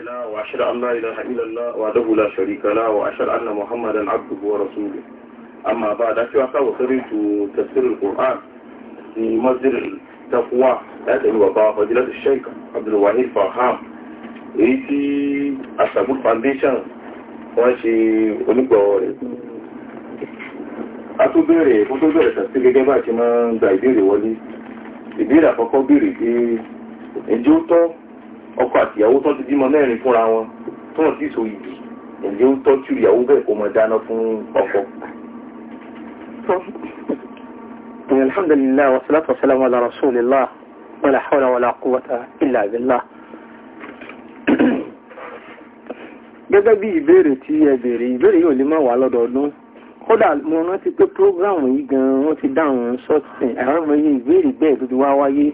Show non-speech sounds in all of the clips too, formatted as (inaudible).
لا وأشهد أن لا إله إلا الله وحده لا شريك له وأشهد أن محمدا عبده ورسوله أما بعد أشهد وخرجت تفسير القرآن في مصدر التقوى لدى وباء فضيلة الشيخ عبد الوهاب فرحان èyí tí Asabul Foundation wọ́n ṣe onígbọ̀wọ́ rẹ̀ a tó bẹ̀rẹ̀ fún tó bẹ̀rẹ̀ tàbí gẹ́gẹ́ bá ṣe máa ń gba ìbéèrè wọlé ìbéèrè àkọ́kọ́ béèrè pé ẹjọ́ tọ́ ọkọ àtìyàwó tó ti bímọ mẹ́rin fúnra wọn tó wọn ti so ìbí ẹ̀jẹ̀ ó tọ́jú ìyàwó bẹ́ẹ̀ kó mọ dáná fún ọkọ. alhamdulilayi wa salatu wa salamu ala rasulillah wala hawla wala quwwata illa billah. gẹ́gẹ́ bí ìbéèrè tí ẹ béèrè ìbéèrè yóò lè má wà lọ́dọọdún kódà mo rántí pé prógráàmù yìí gan-an wọ́n ti dáhùn sọ́ọ̀tì àwọn ọmọ yìí ìbéèrè bẹ́ẹ̀ tó ti wá wáyé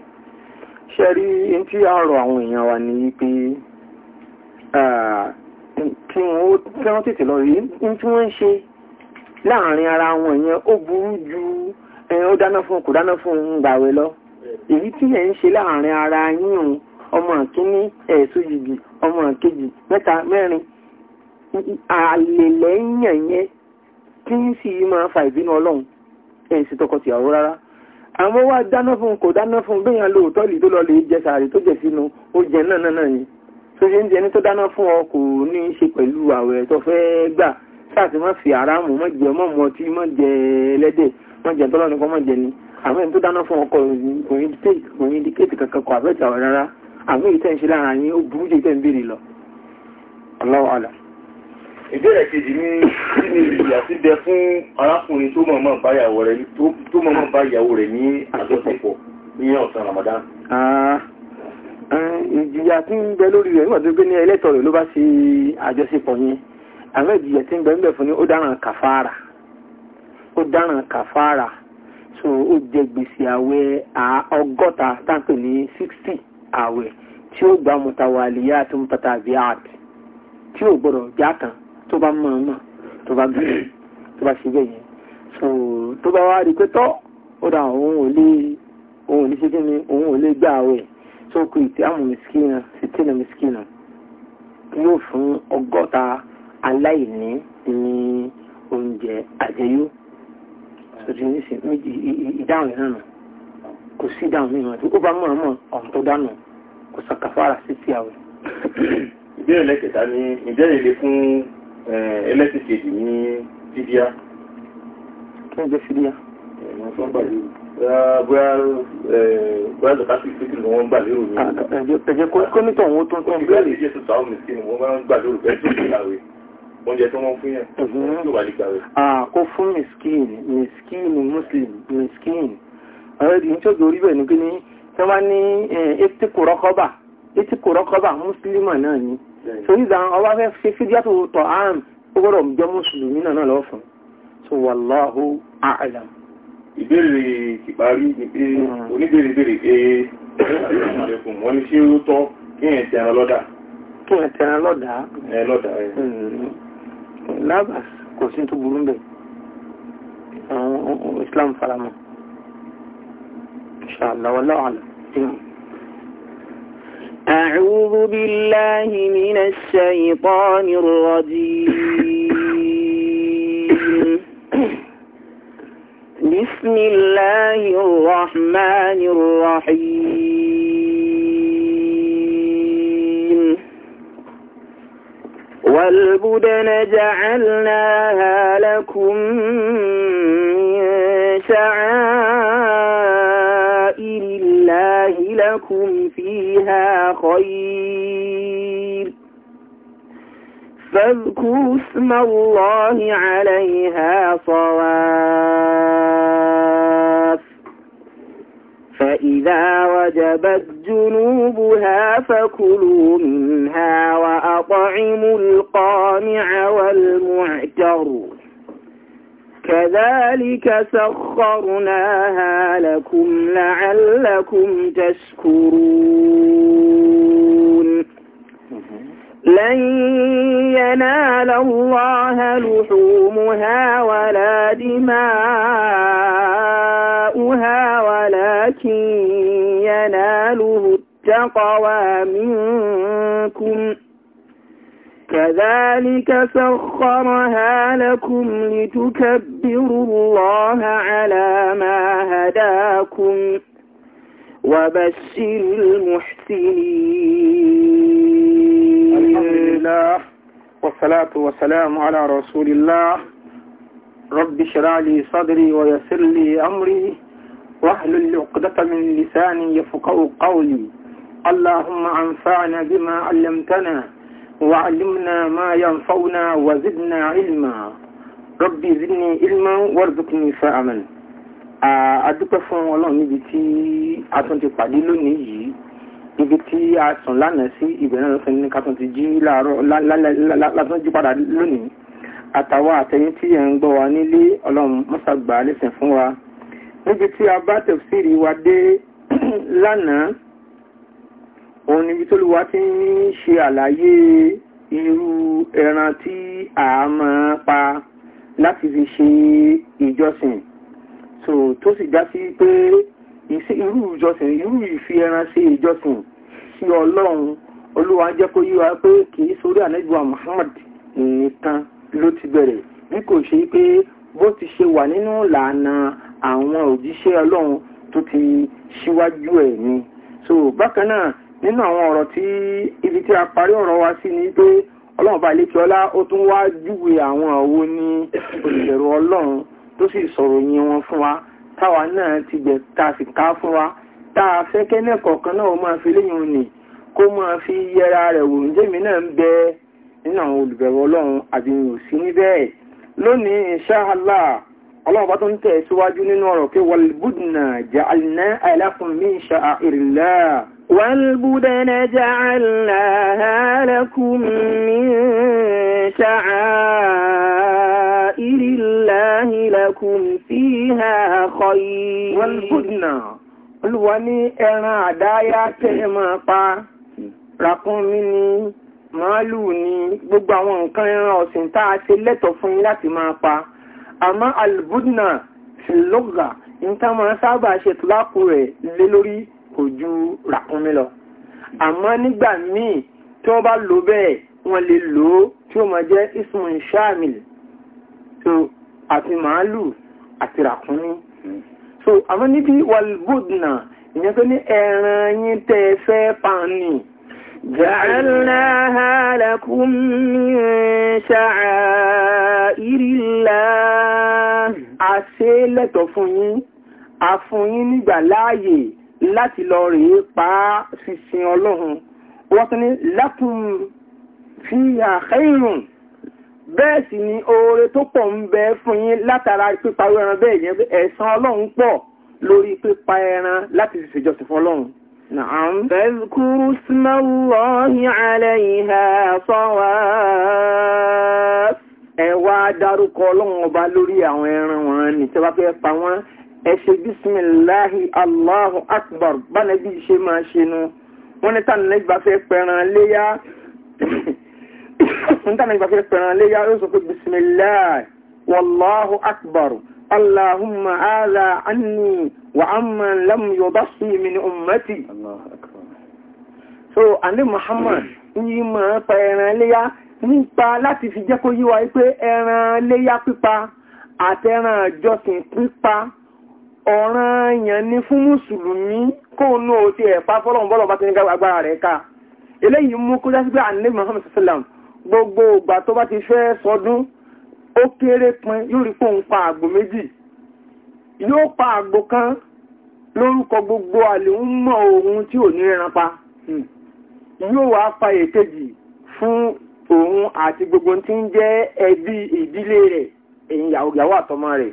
ṣe rí in tí a rọ àwọn èèyàn wa ní pé tí wọ́n tètè lọ rí in tí wọ́n ń ṣe láàrin ara wọn yẹn ó burú ju ó dáná fún kò dáná fún un gbàwẹ̀ lọ èyí tí ẹ̀ ń ṣe láàrin ara yíyùn ọmọ àkíní ẹ̀ẹ́sù jìjì ọmọ àkejì mẹ́ta mẹ́rin àlèlẹ́yìn yẹn tí ń sì máa fa ìbínú ọlọ́run ẹ̀ ń ṣe tọkọtìyàwó rárá àwọn wá dáná fún kò dáná fún bí yàn lóòótọ́ lè tó lọ lè jẹ sàárì tó jẹ sínú ó jẹ náà náà náà ni tó ṣe ń jẹ ní tó dáná fún ọ kò ní í ṣe pẹ̀lú àwẹ̀ tó fẹ́ gbà sáàtì má fi àrámù má jẹ mọ́ mọ́ tí má jẹ ẹlẹ́dẹ̀ má jẹ tọ́lọ́ nìkan má jẹ ni àmọ́ ẹni tó dáná fún ọkọ òyìn díkèétì kankan kọ àbẹ́tì àwẹ̀ rárá àmọ́ ìtẹ́ ń ṣe lára ó burú jù ìtẹ́ ń béèrè lọ. Allahu ìbéèrè kejì ní kí ni ìyà ti bẹ fún arákùnrin tó mọ̀mọ́ bá ìyàwó rẹ̀ tó mọ̀mọ́ bá ìyàwó rẹ̀ ní àjọṣepọ̀ ní ọ̀sán Ramadan. ìjìyà tí ń bẹ lórí rẹ̀ nígbà tó gbé ní ẹlẹ́tọ̀ rẹ̀ ló bá ṣe àjọṣepọ̀ yẹn àwọn ìjìyà tí ń bẹ ń bẹ fún ni ó dáràn kàfàrà ó dáràn kàfàrà so ó jẹ gbèsè àwẹ̀ ọgọ́ta táǹpẹ̀ ní sixty àwẹ̀ tí ó gbà mọ̀tàwálìyà tó ń pàtàkì àt tí ò gbọ́dọ̀ já kan tó bá mọ̀ ọ́n mọ̀ tó bá bẹ̀rẹ̀ tó bá ṣe bẹ́ẹ̀ yẹn so tó bá wá rí pé tọ́ ó dà òun ò lè òun ò lè ṣe kí ni òun ò lè gbà àwẹ̀ tó kù ìtì àmù mìsíkìnà sítìnà mìsíkìnà yóò fún ọgọ́ta aláìní ní oúnjẹ àjẹyó ìdáhùn náà nù kò sí ìdáhùn mìíràn tí ó bá mọ̀ mọ̀ ọ̀hún tó dánù kò sàkàfàrà sí ti àwẹ̀. ìbéèrè lẹ́kẹ̀ta ni ìbéèrè lè fún Eh, ẹlẹ́sìn kejì ní fídíà. kí wọ́n jẹ́ fídíà. Eh, bóyá zakati eh, fífi ni wọ́n gbà lérò yẹn. ẹ̀jẹ̀ ah, kó ní tọ̀hún tó ń tọ̀hún. ìgbà lè jẹ́ tuntun àwọn mìsíkì ni wọ́n máa ń gbà lérò bẹ́ẹ̀ tó ń gbàwé oúnjẹ tó wọ́n fún yẹn tó wà ní gbàwé. kó fún miskin miskin muslim miskin ọ̀rẹ́dì ní tóbi orí bẹ̀ ní kí ni tí wọ́n ní etíkù rọ́kọ́bà etíkù rọ́kọ́bà mùsùlùmọ̀ náà ni so ìgbà ọba fẹ́ ṣe fídíà tó tọ̀ àrùn ó gbọ́dọ̀ jẹ́ mùsùlùmí náà lọ fún so wallahu a'lam ìbéèrè ìparí ni pé hmm. oníbèrè bèrè pé wọ́n ní ṣé ó tọ́ kí ẹ̀ tẹran lọ́dà kí ẹ̀ tẹran lọ́dà ẹ̀ lọ́dà ẹ̀ hmm. lábàs kò sí tó burú bẹ̀ àwọn Islam faramọ́ inshallah wallahu a'lam أعوذ بالله من الشيطان الرجيم بسم الله الرحمن الرحيم والبدن جعلناها لكم من شعائر لكم فيها خير فاذكروا اسم الله عليها صواف فإذا وجبت جنوبها فكلوا منها وأطعموا القانع والمعتر كذلك سخرناها لكم لعلكم تشكرون لن ينال الله لحومها ولا دماؤها ولكن يناله التقوى منكم كذلك سخرها لكم لتكبروا الله على ما هداكم وبشر المحسنين الحمد لله والصلاة والسلام على رسول الله رب شرع لي صدري ويسر لي أمري واهل العقدة من لساني يفقه قولي اللهم أنفعنا بما علمتنا وعلمنا ما ينفعنا وزدنا علما ربي زدني علما وارزقني فهما adúpẹ́ fún ọlọ́run níbi tí a tún ti pàdé lónìí yìí ibi tí a sùn lánàá sí ìbẹ̀rẹ̀ lọ́sàn ní ká tún ti jí láàárọ̀ látún jí padà lónìí àtàwọn àtẹ̀yìn tí ẹ̀ ń gbọ́ wa nílé ọlọ́run mọ́sàgbà lẹ́sìn fún wa níbi tí a bá tẹ̀síìrì wa dé (clears throat) lánàá òun níbi tó lè wá ti ń ṣe àlàyé irú ẹran tí a máa pa láti fi ṣe ìjọsìn so tó sì já sí pé irú ìjọsìn irú ìfi ẹran ṣe ìjọsìn sí ọlọ́run olúwa jẹ́ kó yíwa pé kìí sórí ànẹ́gbà Muhammad nìkan ló ti bẹ̀rẹ̀ bí kò ṣe pé bó ti ṣe wà nínú ìlànà àwọn òjíṣẹ́ ọlọ́run tó ti ṣíwájú ẹ̀ ni so bákan náà nínú àwọn ọ̀rọ̀ tí ibi tí a parí ọ̀rọ̀ wa sí ni pé ọlọ́run bá lékè ọlá ó tún wá júwe àwọn òwò ní olùbẹ̀rù ọlọ́run tó sì sọ̀rọ̀ yìn wọn fún wa táwa náà ti gbẹ̀ ta sì ká fún wa tá a fẹ́ kẹ́nẹ́ kọ̀ọ̀kan náà máa fi léyìn nì kó máa fi yẹra rẹ̀ wò ń jẹ́mi náà ń bẹ nínú àwọn olùbẹ̀rù ọlọ́run àbí mi ò sí níbẹ̀ lónìí inṣáàlá ọlọ́run bá tó tẹ̀ síwájú nínú ọ̀rọ̀ pé wàlúbùdùnà jẹ́ àlìná àìláfún min sha'airillah والبدن جعلناها لكم من شعائر الله لكم فيها خير والبدن Olúwa ní ẹran àdáyá tẹ́ máa pa, ràkúnmí ni, màálù ni, gbogbo àwọn nǹkan ẹran ọ̀sìn tá a ṣe lẹ́tọ̀ fún yín láti máa pa. Àmọ́ albudna, ṣìlọ́gà, ní tá máa sábà ṣètùlápù rẹ̀ lé lórí kò ju ràkúnmí lọ àmọ́ nígbà míì tí wọ́n bá lò bẹ́ẹ̀ wọ́n lè lò ó tí ó máa jẹ́ ismun shamil so àti màálù àti ràkúnmí so àmọ́ níbi walbudna ìyẹn tó ní ẹran yín tẹ́ fẹ́ pa ni. جعلناها لكم من شعائر الله àṣẹ lẹ́tọ̀ fún yín a yín nígbà láàyè láti lọ rèé pa á sísin ọlọ́run wọ́n tún ní lakum fiha khairun bẹ́ẹ̀ sì ni oore tó pọ̀ ń bẹ fún yín látara pípa ẹran bẹ́ẹ̀ yẹn pé ẹ̀san ọlọ́run pọ̀ lórí pípa ẹran láti fi ṣèjọsìn fún ọlọ́run. Na'am. Fadhkuru isma Allahi 'alayha sawaf. Ẹ wá dárúkọ ọlọ́run ọba lórí àwọn ẹran wọn ni tí wọ́n fẹ́ pa wọ́n ẹ ṣe bísímìláhì Allahu akbar bánẹ́bí ṣe máa ṣe nu wọ́n ní tànà ìgbà fẹ́ pẹran léyá tànà ìgbà fẹ́ pẹran léyá ó sọ pé bísímìláhì wallahu akbar so àní Muhammad yìí máa pa ẹran léyá nípa láti fi jẹ́ kó yíwa pé ẹran léyá pípa àtẹran ìjọsìn pípa ọ̀ràn yẹn ni fún mùsùlùmí kóun náà ó ti ẹ̀pá fọ́lọ́run bọ́lọ̀ bá ti ní agbára rẹ̀ ká eléyìí mú kó dásí pé ànílé Muhammad sallam gbogbo ìgbà tó bá ti fẹ́ sọdún ó kéré pin yóò rí pòun pa àgbò méjì yóò pa àgbò kan lórúkọ gbogbo àlèúmọ̀ ohun tí ò ní rẹran pa hmm. yóò wá pa èkejì fún òun àti gbogbo tí ń jẹ́ ẹbí ìdílé rẹ̀ èyí yàwó àtọmọ rẹ̀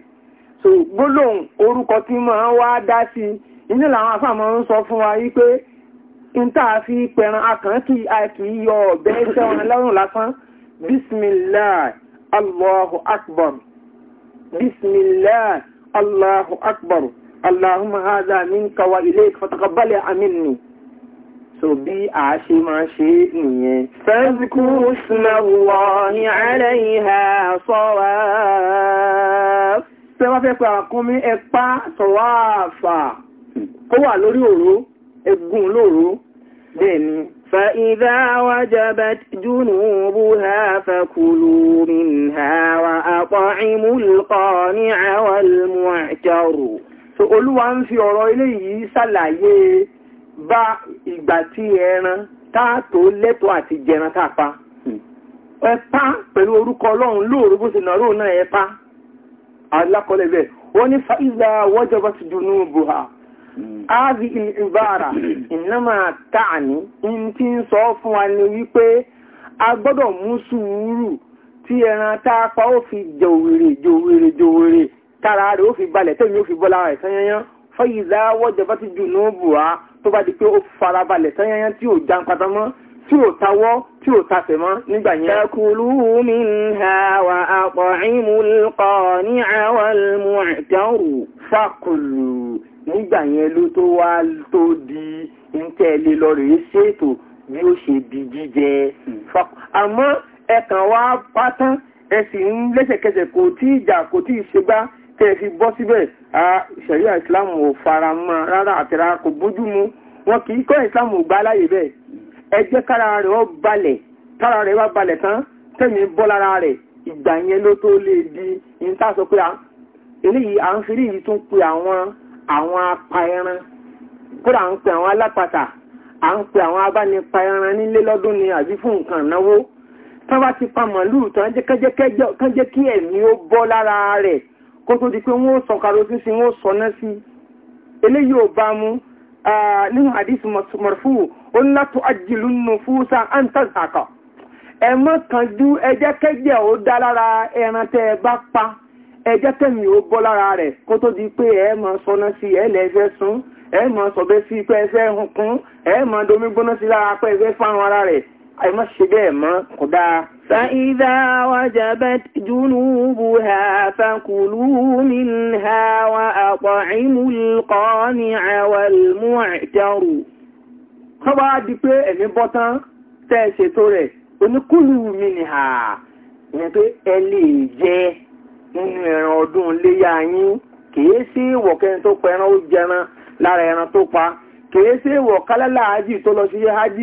so gbólóhùn orúkọ tí máa wá dá sí inú làwọn afáàmọ́ ń sọ fún wa wípé n tá a fi pẹran akàn kí a kì í yọ ọ̀bẹ iṣẹ́ wọn lọ́rùn lásán bismillah allahu akbar bismillah allahu akbar allahumma hadha minka wa ilayka fataqabbal minni so bí a ṣe máa ṣe nìyẹn. fazkuru isma Allahi alayha sawaf. tẹwà fẹ́ pẹ̀lú àkúnmí ẹpá sọ̀wáàfà kó wà lórí òró ẹgùn lóòró bẹ́ẹ̀ni فَإِذَا وَجَبَتْ جُنُوبُهَا jẹ́bẹ̀ مِنْهَا وَأَطْعِمُوا الْقَانِعَ وَالْمُعْتَرُ so olúwa ń fi ọ̀rọ̀ ilé yìí ṣàlàyé bá ìgbà tí ẹran táàtò lẹ́tọ̀ọ́ àti orúkọ alákọ̀ọ́lẹ̀ bẹ́ẹ̀ wọ́n ní fa'íza wọ́jọba ti dùnú buha áàzì hmm. ìbára ìnáma (coughs) tààní in ti ń sọ fún wa ní wípé a gbọ́dọ̀ mú sùúrù tí ẹran tápa ó fi jòwèrè jòwèrè jòwèrè tára rẹ̀ ó fi balẹ̀ tẹ́mi ó fi bọ́lá rẹ̀ sányányán fa'íza wọ́jọba ti dùnú buha tó bá di pé ó farabalẹ̀ sányányán tí ò jan pátámọ́ tí ò tawọ́ tí ò tasẹ̀ mọ́ nígbà yẹn. Takulu minha wa at'imul qani'a wal mu'taru. Fakulu nígbà yẹn ló tó wá tó di ntẹ́ lè lọ rèé ṣètò bí ó ṣe di jíjẹ. Hmm. Àmọ́ ẹ̀kan wá pátán ẹ sì ń lẹ́sẹ̀kẹsẹ̀ kò tí ìjà kò tí ìṣègbà tẹ́ fi bọ́ síbẹ̀ ṣẹ̀ríà ìsìlámù ò fara mọ́ rárá àtẹ̀rà kò bójú mu wọn kì í kọ́ ìsìlámù ò gbà láyè bẹ́ẹ̀ ẹ jẹ́ kára rẹ̀ ó balẹ̀ kára rẹ̀ wá balẹ̀ tán tẹ̀mí bọ́ lára rẹ̀ ìgbà yẹn ló tó lè di ìta sọ pé eléyìí à ń fi eléyìí tún pe àwọn àwọn apa ẹran kódà à ń pe àwọn alápatà à ń pe àwọn abánipa ẹran nílé lọ́dún ni àbí fún nǹkan náwó tán bá ti pa màlúù tán jẹ́ kí ẹ̀mí ó bọ́ lára rẹ̀ kó tó di pé wọ́n ó sọ karosí sí wọ́n ó sọ náà sí eléyìí ò bá mú nínú àdísù mọ̀rùfù ó ń látò ajílù nufusa an tazaka ẹ mọ́ kánjú ẹ jẹ́ kẹ́jẹ́ ó dá lára ẹran tẹ́ ẹ bá pa ẹ jẹ́ kẹ́mi ó bọ́ lára rẹ̀ kó tó di pé ẹ mọ́ sọná sí ẹ lẹ́fẹ́ sún ẹ mọ́ sọ̀bẹ́ sí pé ẹ fẹ́ hun kún ẹ mọ́ domi gbóná sí lára pé ẹ fẹ́ fáwọn ara rẹ̀ ẹ mọ́ ṣe bẹ́ẹ̀ mọ́ kódà فإذا وجبت جنوبها فكلوا منها وأطعموا القانع والمعتر tó bá di pé ẹ̀mí bọ́ tán tẹ́ ṣètò rẹ̀ oníkúlù mi ni hà ìyẹn pé ẹ lè jẹ nínú ẹran ọdún léyà yín kìí sí ìwọ̀kẹ́ni tó pa ẹran ó jẹran lára ẹran tó pa kìí sí ìwọ̀kálẹ́lá hajj tó lọ sí hajj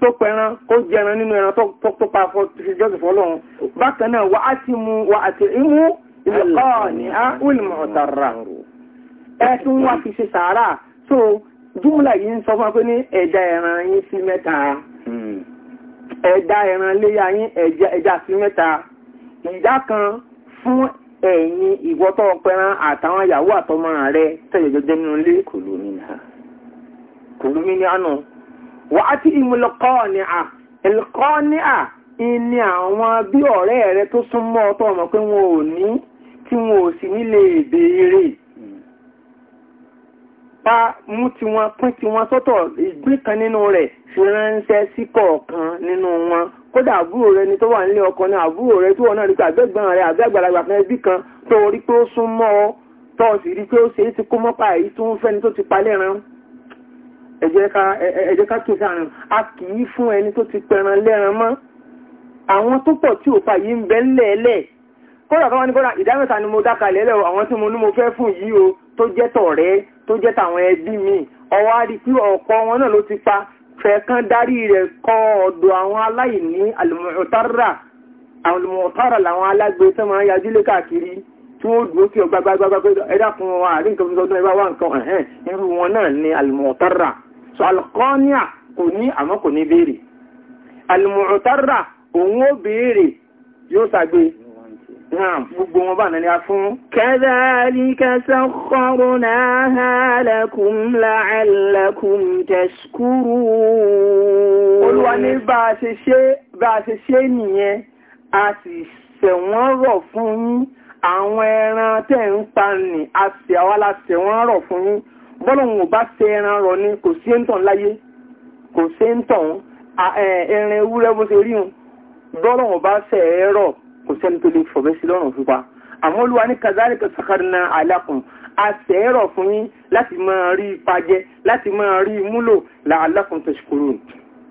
tó pẹran kó jẹran nínú ẹran tó pa fọ́ jọ́sìn fọ́lọ́run bákan náà wà á ti mú wà á ti mú ìlẹ̀kọ́ ní á wílìmọ̀ ọ̀tàrà ẹ tún wá fi ṣe sàárà so júmùlà yìí ń sọ fún pé ní ẹ̀dá ẹran yín sí mẹ́ta ẹ̀dá ẹran léyà yín ẹ̀dá sí mẹ́ta ìdá kan fún ẹ̀yin ìwọ́tọ̀ pẹran àtàwọn ìyàwó àtọmọ rẹ tẹ̀yẹ̀jọ́jẹ́ nínú ilé kò lómìnira kò lómìnira náà wà á ti ìmúlẹ̀kọ́ọ̀nìà ìlẹ̀kọ́ọ̀nìà ìní àwọn bí ọ̀rẹ́ rẹ tó súnmọ́ ọ̀tọ̀ ọmọ pé wọn ò ní tí wọn ò sì nílé ìbéèrè pa mú tí wọn pín tí wọn sọ́tọ̀ ìgbín kan nínú rẹ̀ fi ránṣẹ́ sí kọ̀ọ̀kan nínú wọn kódà àbúrò rẹ ni tó wà nílé ọkọ náà àbúrò rẹ tí wọn náà rí àgbẹ̀gbọ́n rẹ àbí àgbàlagbà kan ẹbí kan tó rí pé ó súnmọ́ ọ tó sì rí pé ó ṣe é ti kó mọ́pá èyí tó ń fẹ́ni tó ti palẹ̀ ẹ̀jẹ̀ ká kí sáàrin a kì í fún ẹni tó ti pẹran lẹ́ran mọ́ àwọn tó pọ̀ tí ò fa yìí ń bẹ lẹ́ẹ̀lẹ́ kódà kọ́wọ́ ní kódà ìdámẹ́ta ni mo dákalẹ̀ lẹ́wọ̀ àwọn tí mo ní mo fẹ́ fún yìí o tó jẹ́ tọ̀rẹ́ tó jẹ́ tàwọn ẹbí mi ọwọ́ á rí i pé ọ̀pọ̀ wọn náà ló ti pa fẹ̀ẹ̀kan darí rẹ̀ kọ́ ọ̀dọ̀ àwọn aláìní àlùmọ̀ọ́tàrà àwọn àlùmọ̀ọ́tàrà làwọn alágbe tó máa ń yajú lé káàkiri tí wọ́n dúró kí ọgbàgbàgbàgbà ẹ̀dá fún wọn àrí fún ọdún ẹ̀bá wà nǹkan ẹ̀hẹ́n irú wọn náà ni àlùmọ̀ọ́tàrà so alkọ́níà kò ní àmọ́ kò ní béèrè alìmọ̀ọ̀tárà òun ó béèrè yóò sàgbé gbogbo wọn bá nàní a fún kadhalika sakharnaha lakum la'allakum tashkurun olúwa ní bá a ṣe ṣe nìyẹn a sì ṣẹ̀wọ́n rọ̀ fún yín àwọn ẹran tẹ́ ń pa nì a sì àwa rọ̀ fún yín bọ́lọ̀hún ò bá ṣe ẹran rọ̀ ni kò sí ẹ̀ńtàn láyé kò sí ẹ̀ńtàn ẹran ewúrẹ́ bó ṣe rí hun bọ́lọ̀hún ò bá ṣe ẹ̀ rọ̀ kò sẹ́ni tó lè fọ̀bẹ́ sí lọ́rùn fún wa àmọ́ olúwa ní kazalika sakarna alákùn a ṣe ẹ̀ rọ̀ fún yín láti máa rí ipa jẹ láti máa rí múlò làálàkùn tashkurun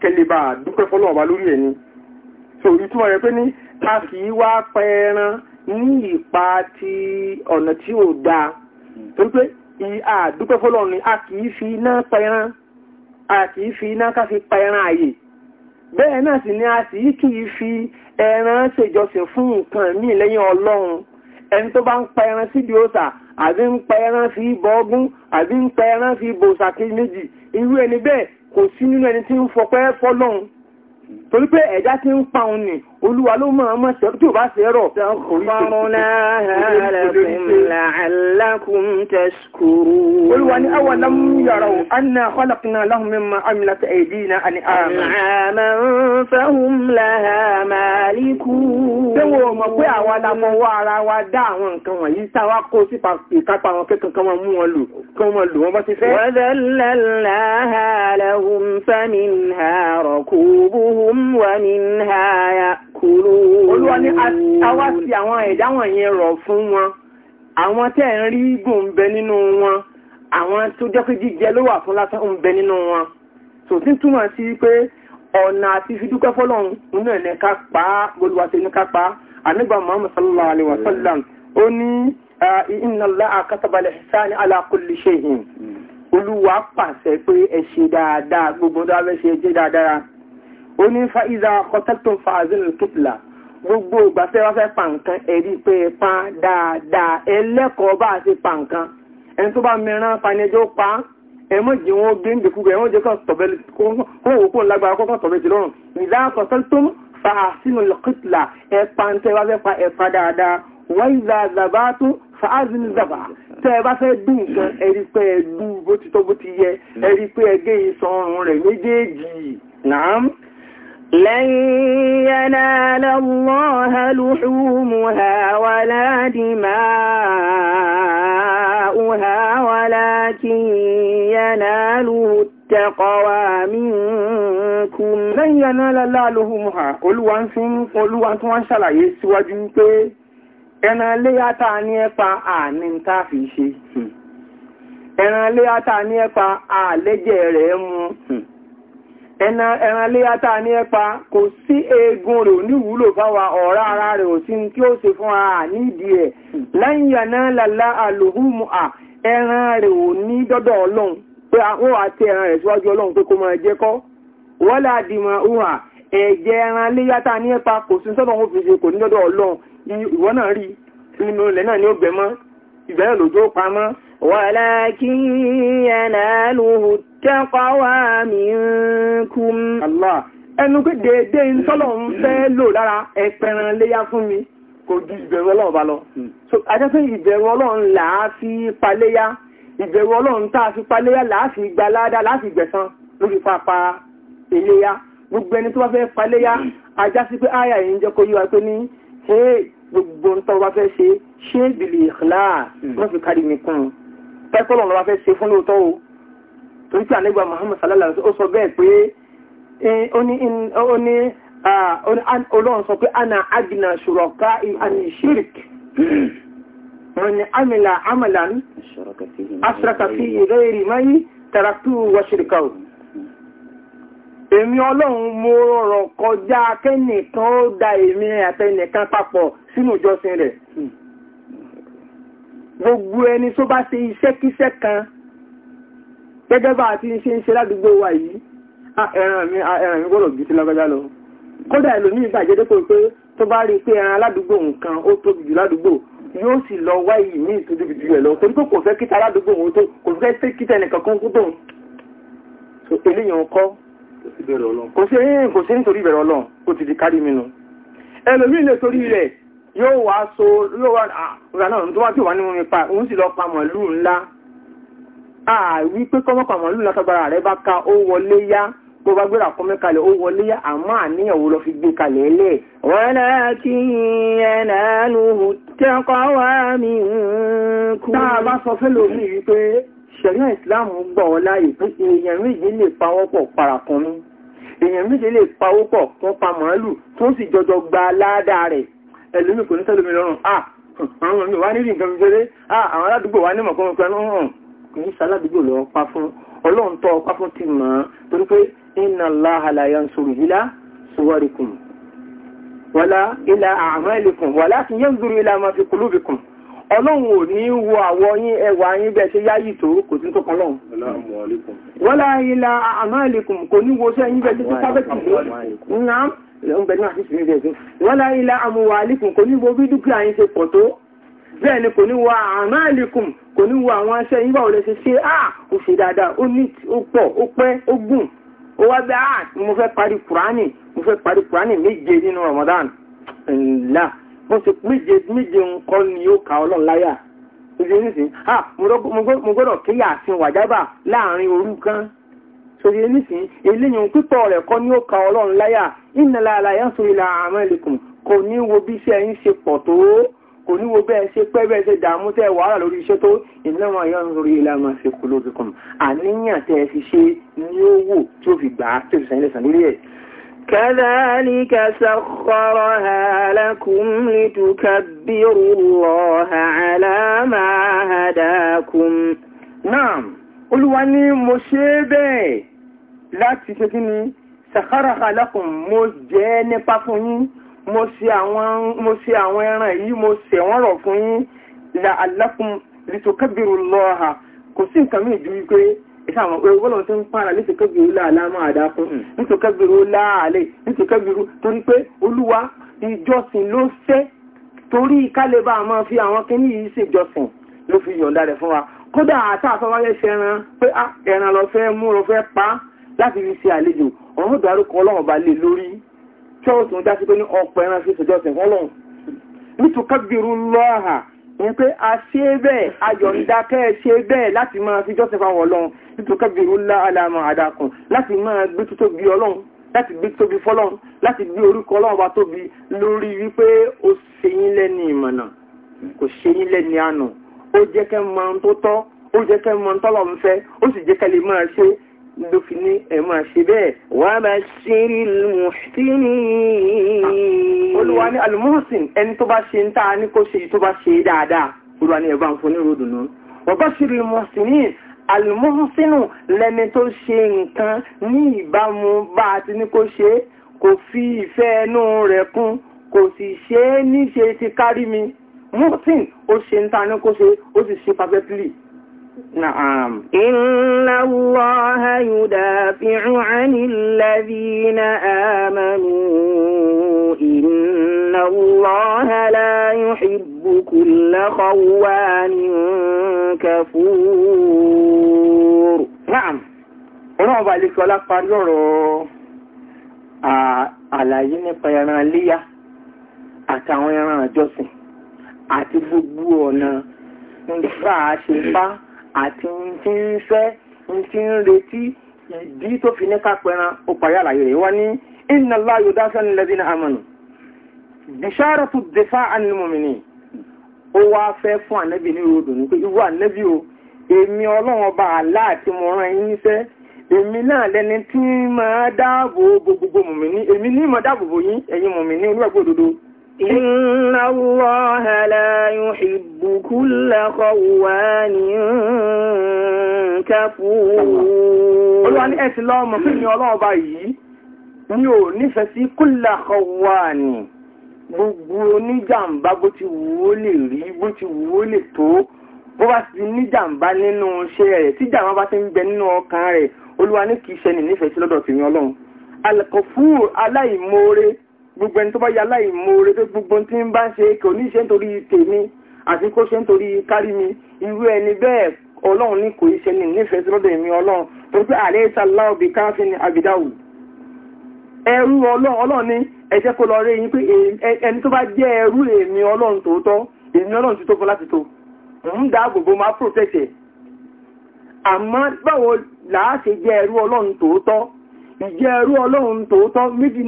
kẹlẹ́bà dúpẹ́ fọlọ́ ọba lórí ẹ̀ ni so ìtumọ̀ rẹ̀ pé ní a kì í wá pẹran ní ipa ti ọ̀nà tí ò dáa torí pé àdúpẹ́ fọ́lọ́run ni a kì í fi iná pẹran a kì í fi iná ká fi pẹran àyè bẹ́ẹ̀ náà sì ni a sì kì í fi ẹran ṣèjọsìn fún nǹkan míì lẹ́yìn ọlọ́run ẹni tó bá ń pa ẹran síbi òòṣà àbí ń pa ẹran fi bọ ọgún àbí ń pa ẹran fi bọ òòṣà kejì méjì irú ẹni bẹ́ẹ̀ kò sí nínú ẹni tí ń fọpẹ́ fọ́lọ́run torí pé ẹ̀dá tí ń pa òun nì olúwa ló mọ̀ ọmọ ṣẹ́bí tí ó bá ṣe ẹ̀rọ. olúwa ni awa lam yàrá o anna khalaqna lahum mimma amilat aydina àni àmà. fahum laha malikun. ṣé wo mọ̀ pé àwa la mọ wá ara wa dá àwọn nǹkan wọ̀nyí táwa kó sí ìkápá wọn kékeré kan wọn mú wọn lò kan wọn lò wọn bá ti fẹ́. wa dhallalnaha lahum faminha rakubuhum wa minha ya'kulun. kúrú. olúwa ní àwa sí àwọn ẹ̀dá wọ̀nyẹn rọ̀ fún wọn àwọn tẹ́ ń rí gùn ń bẹ nínú wọn àwọn tó jẹ́ pé jíjẹ ló wà fún lásán ń bẹ nínú wọn tòtí túmọ̀ sí pé ọ̀nà àti fidúpẹ́ fọ́lọ́run nínú ẹ̀ ní ká pa á olúwa ṣe ní ká pa á ànígbà muhammad sallallahu alayhi wa sallam ó ní inna Allaha kataba al-ihsana ala kulli shay'in hmm. olúwa pàṣẹ pé ẹ ṣe dáadáa gbogbo dáadáa ṣe dáadáa ó ní fa ìzà kọ́tẹ́tò fa àzínú kìtìlà gbogbo ìgbà tẹ́ wá fẹ́ pa nǹkan ẹ̀rí pé ẹ pa dáadáa ẹlẹ́kọ̀ọ́ bá a ṣe pa nǹkan ẹni tó bá mìíràn fanijọ́ pa ẹ mọ̀ jẹ́ wọn gbé ń dẹkùgbẹ́ ẹ mọ̀ jẹ́ kọ́ tọ̀bẹ́lì kó wò kó lágbára kọ́kọ́ tọ̀bẹ́lì ti lọ́rùn ìzà kọ́tẹ́tò fa àsínú kìtìlà ẹ pa ń tẹ́ wá fẹ́ pa ẹ pa dáadáa wọ́n ìzà zàbá tó fàázin zaba tẹ́ ẹ bá fẹ́ dùn nǹkan ẹ̀rí pé ẹ dùn bó ti tọ́ bó ti yẹ ẹ̀rí pé ẹ gé iṣan ọrùn rẹ̀ méjèèjì nàám لن ينال الله لحومها ولا دماؤها ولكن يناله التقوى منكم لن ينال الله لحومها olúwa ń fi ń olúwa tí wọ́n ṣàlàyé síwájú pé ẹran léyá tá ní ẹpa àní tá fi ṣe ẹran léyá tá ní ẹpa àlẹ́jẹ̀ rẹ̀ mú ẹran léyá tá ní ẹpa kò sí eegun rẹ̀ oníwúlò fáwa ọ̀rá ara rẹ̀ ò sí tí ó ṣe fún ara nídìí ẹ̀ lẹ́yìn lálá àlòhùnmù à ẹran rẹ̀ ò ní dọ́dọ̀ ọlọ́run pé wọ́n wá tẹ ẹran rẹ̀ síwájú ọlọ́run pé kó máa jẹ́ kọ́ wọ́n là dìmọ̀ òhà ẹ̀jẹ̀ ẹran léyá tá ní ẹpa kò sí sọ́dọ̀ wọn fi ṣe kò ní dọ́dọ̀ ọlọ́run ìwọ náà rí inú ilẹ̀ náà ni ó bẹ̀ mọ́ ìgbẹ́ náà lójó pamọ́ wọ́n taqwa minkum Allah ẹnu pé dédé ń tọ́lọ̀ ń fẹ́ lò lára ẹ̀pẹ̀ràn léyá fún mi kò ju ìbẹ̀rù ọlọ́run bá lọ hmm. so ajẹ́fẹ́ ìbẹ̀rù ọlọ́run làá paléyá ìbẹ̀rù ọlọ́run tá paléyá làá fi gba ládá lórí pápá eléyá gbogbo ẹni tó bá fẹ́ paléyá ajá sí pé àyà yìí ń jẹ́ kó yíwa pé ní ṣé gbogbo ń tọ́ fẹ́ ṣe ṣé bìlì ìkìlá wọ́n fi kárí nìkan tẹ́kọ̀ọ́ lọ́run bá tó ń tí àlẹ́gbà Muhammad sallallahu alaihi wasallam ó sọ bẹ́ẹ̀ pé ó ní ọlọ́run sọ pé ana agna ṣùrọ̀ká ìhàní shirk wọ́n ni amìlà amalan ashraka fi ghairi mayi taraktu wa shirkahu èmi ọlọ́run mo rọrọ̀ kọjá kẹ́nìkan ó da èmi àtẹnìkan papọ̀ sínú ìjọsìn rẹ̀ gbogbo ẹni tó bá ṣe iṣẹ́kíṣẹ́ kan gẹ́gẹ́ bá àti ṣe ń ṣe ládùúgbò wa yìí ẹran mi ẹran mi gbọ́dọ̀ gidi lágbájá lọ kódà ẹlòmí ìbàjẹ́ dépò pé tó bá rí pé ẹran aládùúgbò nǹkan ó tóbi jù ládùúgbò yóò sì lọ wá iyì ní ìtújú jù ẹ̀ lọ torí pé kò fẹ́ kíta aládùúgbò òun tó kò fẹ́ kíta ẹnìkan kún kú tóun so eléyàn kọ́ kò sí kò sí nítorí ìbẹ̀rẹ̀ ọlọ́run ó ti di kárí mi nu ẹlòmí lè torí rẹ̀ yóò wá so yóò wá àgbà náà tó wá tí ò nínú mi pa òun sì lọ pa mọ̀lú ńlá àwí pé kọ́mọ́kọ́ màálù látọ̀gbára rẹ̀ bá ka ó wọlé yá tó bá gbéra kọ́mí kalẹ̀ ó wọlé yá àmọ́ àníyàn wo lọ fi gbé kalẹ̀ ẹlẹ́. walakin yanaluhu taqwa minkum. tá a bá sọ fẹ́lẹ̀ omi yìí pé ṣẹ̀ríà ìsìláàmù gbọ́ ọ láàyè pé èèyàn méje lè pawọ́pọ̀ parakùn mi èèyàn méje lè pawọ́pọ̀ kún pa màálù tó sì jọjọ gba ládàá rẹ̀ ẹlòmíì ní sẹ́lómi lọ́rùn àwọn ọmọ mi wá nílì nǹkan fífẹ́rẹ́ àwọn aládùúgbò wá ní mọ̀kànlọ́kàn kì í ṣaládùúgbò lọ pa fún ọlọ́run tọ́ ọpá fún ti mọ̀ ọ́n torí pé inna Allaha la yansuru ila suwarikum wala ila a'malikum walakin yanzuru ila ma fi qulubikum ọlọ́run ò ní wo àwọ̀ yín ẹwà yín bẹ́ẹ̀ ṣe yáyì tó a'malikum kò ní wo sẹ́yìn bẹ́ẹ̀ ṣe tó amwalikum kò ní wo bí dúkìá bẹ́ẹ̀ ni kò ní wọ àmà àlìkùn kò ní wọ àwọn aṣẹ́ yín báwo lẹ ṣe ṣe à ah, ó ṣe dáadáa ó ní ó pọ̀ ó pẹ́ ó gùn ó wá bẹ́ à ah, mo fẹ́ parí kùránì mo fẹ́ parí kùránì méje nínú Ramadan ńlá mo ṣe méje méje nǹkan ni ó ka ọlọ́run láyà ṣe ní sìn à mo gbọ́dọ̀ kéyà àti wàjábà láàrin òru kan ṣòye nísìn eléyìn pípọ̀ rẹ̀ kọ́ ni ó ka ọlọ́run láyà ìnàlá àlàyé ń la ìlà àmọ́ ìlẹ̀kùn kò ní wo bí iṣẹ́ yín ṣe pọ̀ tó kò ní wo bẹ́ẹ̀ ṣe pẹ́ bẹ́ẹ̀ ṣe dààmú tẹ́ wàhálà lórí iṣẹ́ tó ìnáwó ayọ́ ń rí ilé lórí kan àníyàn tẹ́ fi ṣe ní ó tí ó fi gbà á tí fi sàn ilé lórí ẹ̀. كذلك سخرها لكم لتكبروا الله على ما هداكم نعم Olúwa ní mo ṣe bẹ́ẹ̀ láti ṣe kí ni سخرها لكم mo jẹ́ nípa fún yín mo se àwọn ẹran yìí mo se wọn rọ fún yín la alákùn lítòkábìrù lọ́ha kò sí nǹkan mí ìdí wípé ìsáwọn ọgbọ́lọ̀ tó ń pààrà lítòkábìrù láàlá máa dá fún hmm. lítòkábìrù láàlẹ̀ lítòkábìrù torí pé olúwa ìjọsìn ló fẹ́ torí kálẹ̀bà máa fi àwọn kíní yìí ṣèjọsìn ló fi yọ̀ǹda rẹ̀ fún wa kódà àtàfẹ́ pé ah, ẹran lọ fẹ́ mú lọ fẹ́ pa láti fi ṣe àlejò ọ̀run dárúkọ ọlọ́run ba tí ó tún dásí pé ní ọ̀pọ̀ ẹran sí ìṣẹ́jọ́sìn fọ́lọ́run nítòkágbèrú lọ́ha ní pé a ṣe bẹ́ẹ̀ ayọ̀ǹda kẹ́ ṣe bẹ́ẹ̀ láti máa fi jọ́sìn fáwọn ọlọ́run nítòkágbèrú láàlámà àdàkùn láti máa gbé tító bí ọlọ́run láti gbé tóbi fọ́lọ́run láti gbé orúkọ ọlọ́run bá tóbi lórí wípé ó ṣe yín lẹ́ni ìmọ̀nà kò ṣe yín lẹ́ni àná ó jẹ́ kẹ́ mọ tó tọ́ ó jẹ́ kẹ́ mọ tọ́lọ́run ló fi ní ẹ máa ṣe bẹ́ẹ̀ wà á máa ṣe rí mùsùlùmí. olúwa ní almuhsin ẹni tó bá ṣe ń tà ní kó ṣe tó bá ṣe dáadáa olúwa ní ẹ̀bá ń fún ní ròdùnú. wọ́n bá ṣe rí mùsùlùmí almuhsinu lẹni tó ṣe nǹkan ní ìbámu bá a ti ní kó ṣe kò fi ìfẹ́ ẹnu rẹ̀ kún kò sì ṣe é níṣe ti kárí mi muhsin ó ṣe ń tà ní kó ṣe ó sì ṣe perfectly. نعم إن الله يدافع عن الذين آمنوا إن الله لا يحب كل خوان كفور نعم ọ̀rọ̀ ọba ilé ṣọlá parí ọ̀rọ̀ àlàyé nípa ẹran iléyá àtàwọn ẹran àjọsìn àti gbogbo ọ̀nà nígbà ṣe bá àti ti ń fẹ́ ti ń retí ìdí tó fi ní kápẹ́ran ó parí àlàyé rẹ̀ wá ní inna Allah yudafi lil ladina amanu bisharatu difa' anil mu'minin ó wá fẹ́ fún ànẹ́bì ní ní pé o èmi ọlọ́run ọba àlá ati rán yín emi èmi náà lẹni tí máa dáàbò gbogbo èmi ní máa dáàbò yín إن الله لا يحب كل خوان كفور Olúwa ní ẹ̀sìn lọ́mọ fún ìyọ́ ọlọ́ọ̀bá yìí, ní ò nífẹ̀ẹ́ sí kúlà kọwàánì, gbogbo oníjàmbá bó ti wù lè rí, bó ti wù lè tó, bó bá ti níjàmbá nínú iṣẹ́ rẹ̀, tí jàmbá bá ti ń bẹ nínú ọkàn rẹ̀, Olúwa ní kìí ṣẹ́ni nífẹ̀ẹ́ sí lọ́dọ̀ tèmi Ọlọ́run. Al-Kafur aláìmoore gbogbo ẹni tó bá yálà ìmoore tó gbogbo tí ń bá ṣe kò ní ṣe nítorí tèmi àti kó ṣe nítorí kárí irú ẹni bẹ́ẹ̀ ọlọ́run ní kò í ṣe ní nífẹ̀ẹ́ sí lọ́dọ̀ èmi ọlọ́run tó káfíń abidáwù ẹrú ọlọ́run ní kó lọ rí yín ẹni tó bá jẹ́ ẹrú èmi ọlọ́run tòótọ́ èmi ọlọ́run ti tó fún láti tó ń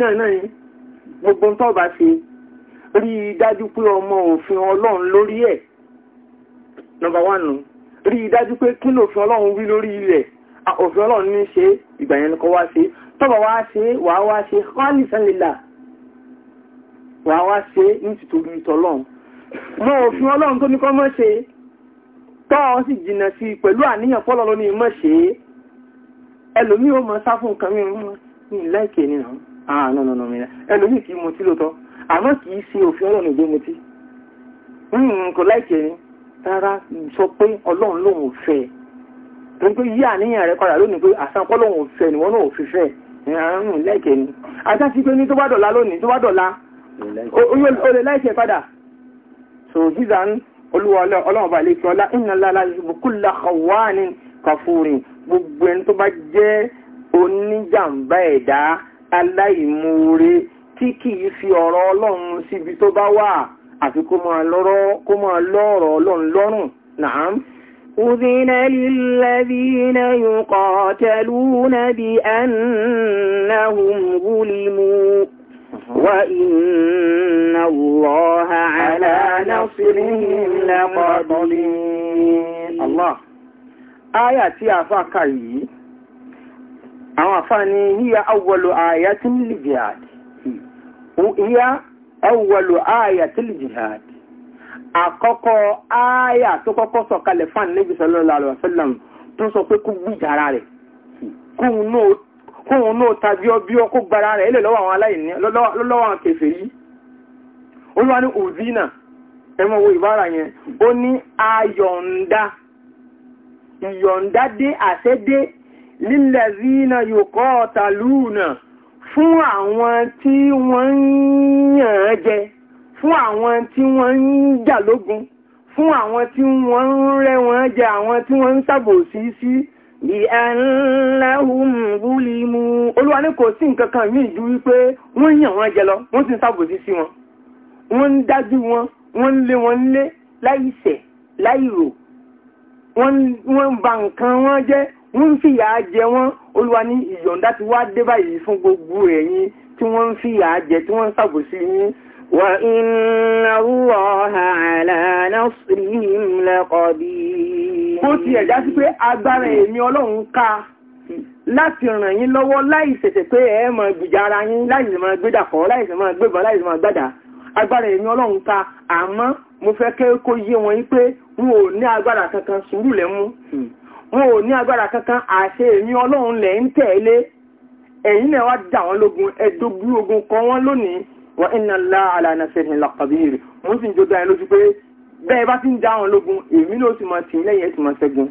máa gbogbo tó bá ṣe rí i dájú pé ọmọ òfin ọlọ́run lórí ẹ̀ nọmba wán nù rí i dájú pé kí lòfin ọlọ́run wí lórí ilẹ̀ òfin ọlọ́run ní ṣe ìgbà yẹn kọ́ wá ṣe tọ́ba wá ṣe wàá wá ṣe hálì sẹ́lẹ̀là wàá wá ṣe ní tìtorí ìtọ́lọ́run mọ òfin ọlọ́run tó ní kọ́ mọ́ ṣe tọ́ ọ sì jìnnà sí i pẹ̀lú àníyàn fọ́lọ́ lónìí mọ́ ṣe é ẹlòmíì ó mọ sá fún nǹkan mìíràn ààrùn ah, nínú mi ẹlòmí kì í mutí lóòótọ́ àmọ́ kì í ṣe òfin ọlọ́run ìgbé mutí kò láìkẹ́ ni rárá sọ pé ọlọ́run lòun ò fẹ́ torí pé yí àníyàn rẹ padà lónìí pé àsánpọ́ fẹ́ ni wọ́n náà ò fi fẹ́ ààrùn láìkẹ́ ni ajá sí pé ní tó bá dọ̀la lónìí tó bá dọ̀la ó lè láìkẹ́ padà so jíza ń olúwa ọlọ́run bá lè fi ọlá inna Allaha la yuhibbu kulla khawanin kafurin gbogbo ẹni tó bá jẹ́ oníjàmbá ẹ̀dá aláìmoore tí kìí fi ọ̀rọ̀ ọlọ́run síbi tó bá wà àfi kó máa lọ́rọ̀ ọlọ́run lọ́rùn nàám. أذن للذين يقاتلون بأنهم ظلموا وإن الله على نصرهم لقدير الله آية tí a fà kà yìí àwọn àfáàní híyá awwalu ayatin lil jihad híyá awwalu ayatin lil jihad àkọ́kọ́ àyà tó kọ́kọ́ sọ̀kalẹ̀ fún Ànábì sallallahu alaihi wasallam tó sọ pé kó gbìjàra rẹ̀ kóhun náà tàbí ọbí ọkó gbára rẹ̀ ilẹ̀ lọ́wọ́ àwọn aláìní lọ́wọ́ àwọn kèfèrí yìí ó ní òzínà ẹmọ owó ìbára lílẹ̀zínà yòkọ́ ọ̀tàlúùnà fún àwọn tí wọ́n ń yàn án jẹ fún àwọn tí wọ́n ń jà lógun fún àwọn tí wọ́n ń rẹ́ wọn jẹ àwọn tí wọ́n ń ṣàbòsí sí bí ẹnlẹ́hùn búlí mu olúwa ní kò sí nǹkan kan ní ìjú wípé wọ́n yàn wọ́n jẹ lọ wọ́n sì ń ṣàbòsí sí wọn wọ́n ń dájú wọn wọ́n ń lé wọn lé láìṣẹ̀ láìrò wọ́n ń ba nǹkan wọn jẹ́ ń fìyà jẹ wọ́n olúwa ní ìyọ̀ǹda ti wá dé báyìí fún gbogbo ẹ̀yin tí wọ́n ń fìyà jẹ tí wọ́n ń ṣàbòsí yín وَإِنَّ اللَّهَ عَلَى نَصْرِهِمْ لَقَدِيرٌ Bó ti ẹ̀já sí pé agbára èmi Ọlọ́run ká láti ràn yín lọ́wọ́ láì ṣẹ̀ṣẹ̀ pé ẹ máa gbìjà ara yín láì máa gbédàkọ́ láì máa gbébọn láì máa gbádà. Agbára èmi Ọlọ́run ká àmọ́ mo fẹ́ kẹ́ kó yé wọn yí pé wọn ò ní agbára kankan sùúrù lẹ́mú wọn ò ní agbára kankan àṣẹ èmi ọlọ́run lẹ̀ ń tẹ̀lé ẹ̀yin náà wá dà wọ́n lógun ẹ̀dógún ogun kan wọ́n lónìí wa inna Allaha ala nasrihim laqadir mo sì ń jó dá ẹ lójú pé bẹ́ẹ̀ bá ti ń dá wọn lógun èmi náà sì máa tì í lẹ́yìn ẹ̀ sì máa ṣẹ́gun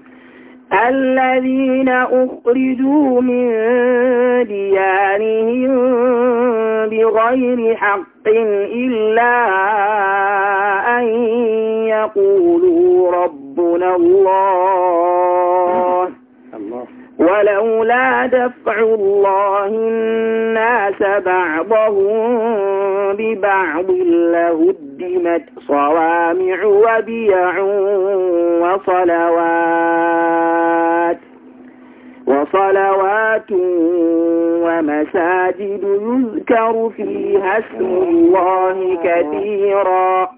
الذين أخرجوا من ديارهم بغير حق إلا أن يقولوا ربنا الله ولولا دفع الله الناس بعضهم ببعض لهدمت صوامع وبيع وصلوات وصلوات ومساجد يذكر فيها اسم الله كثيراً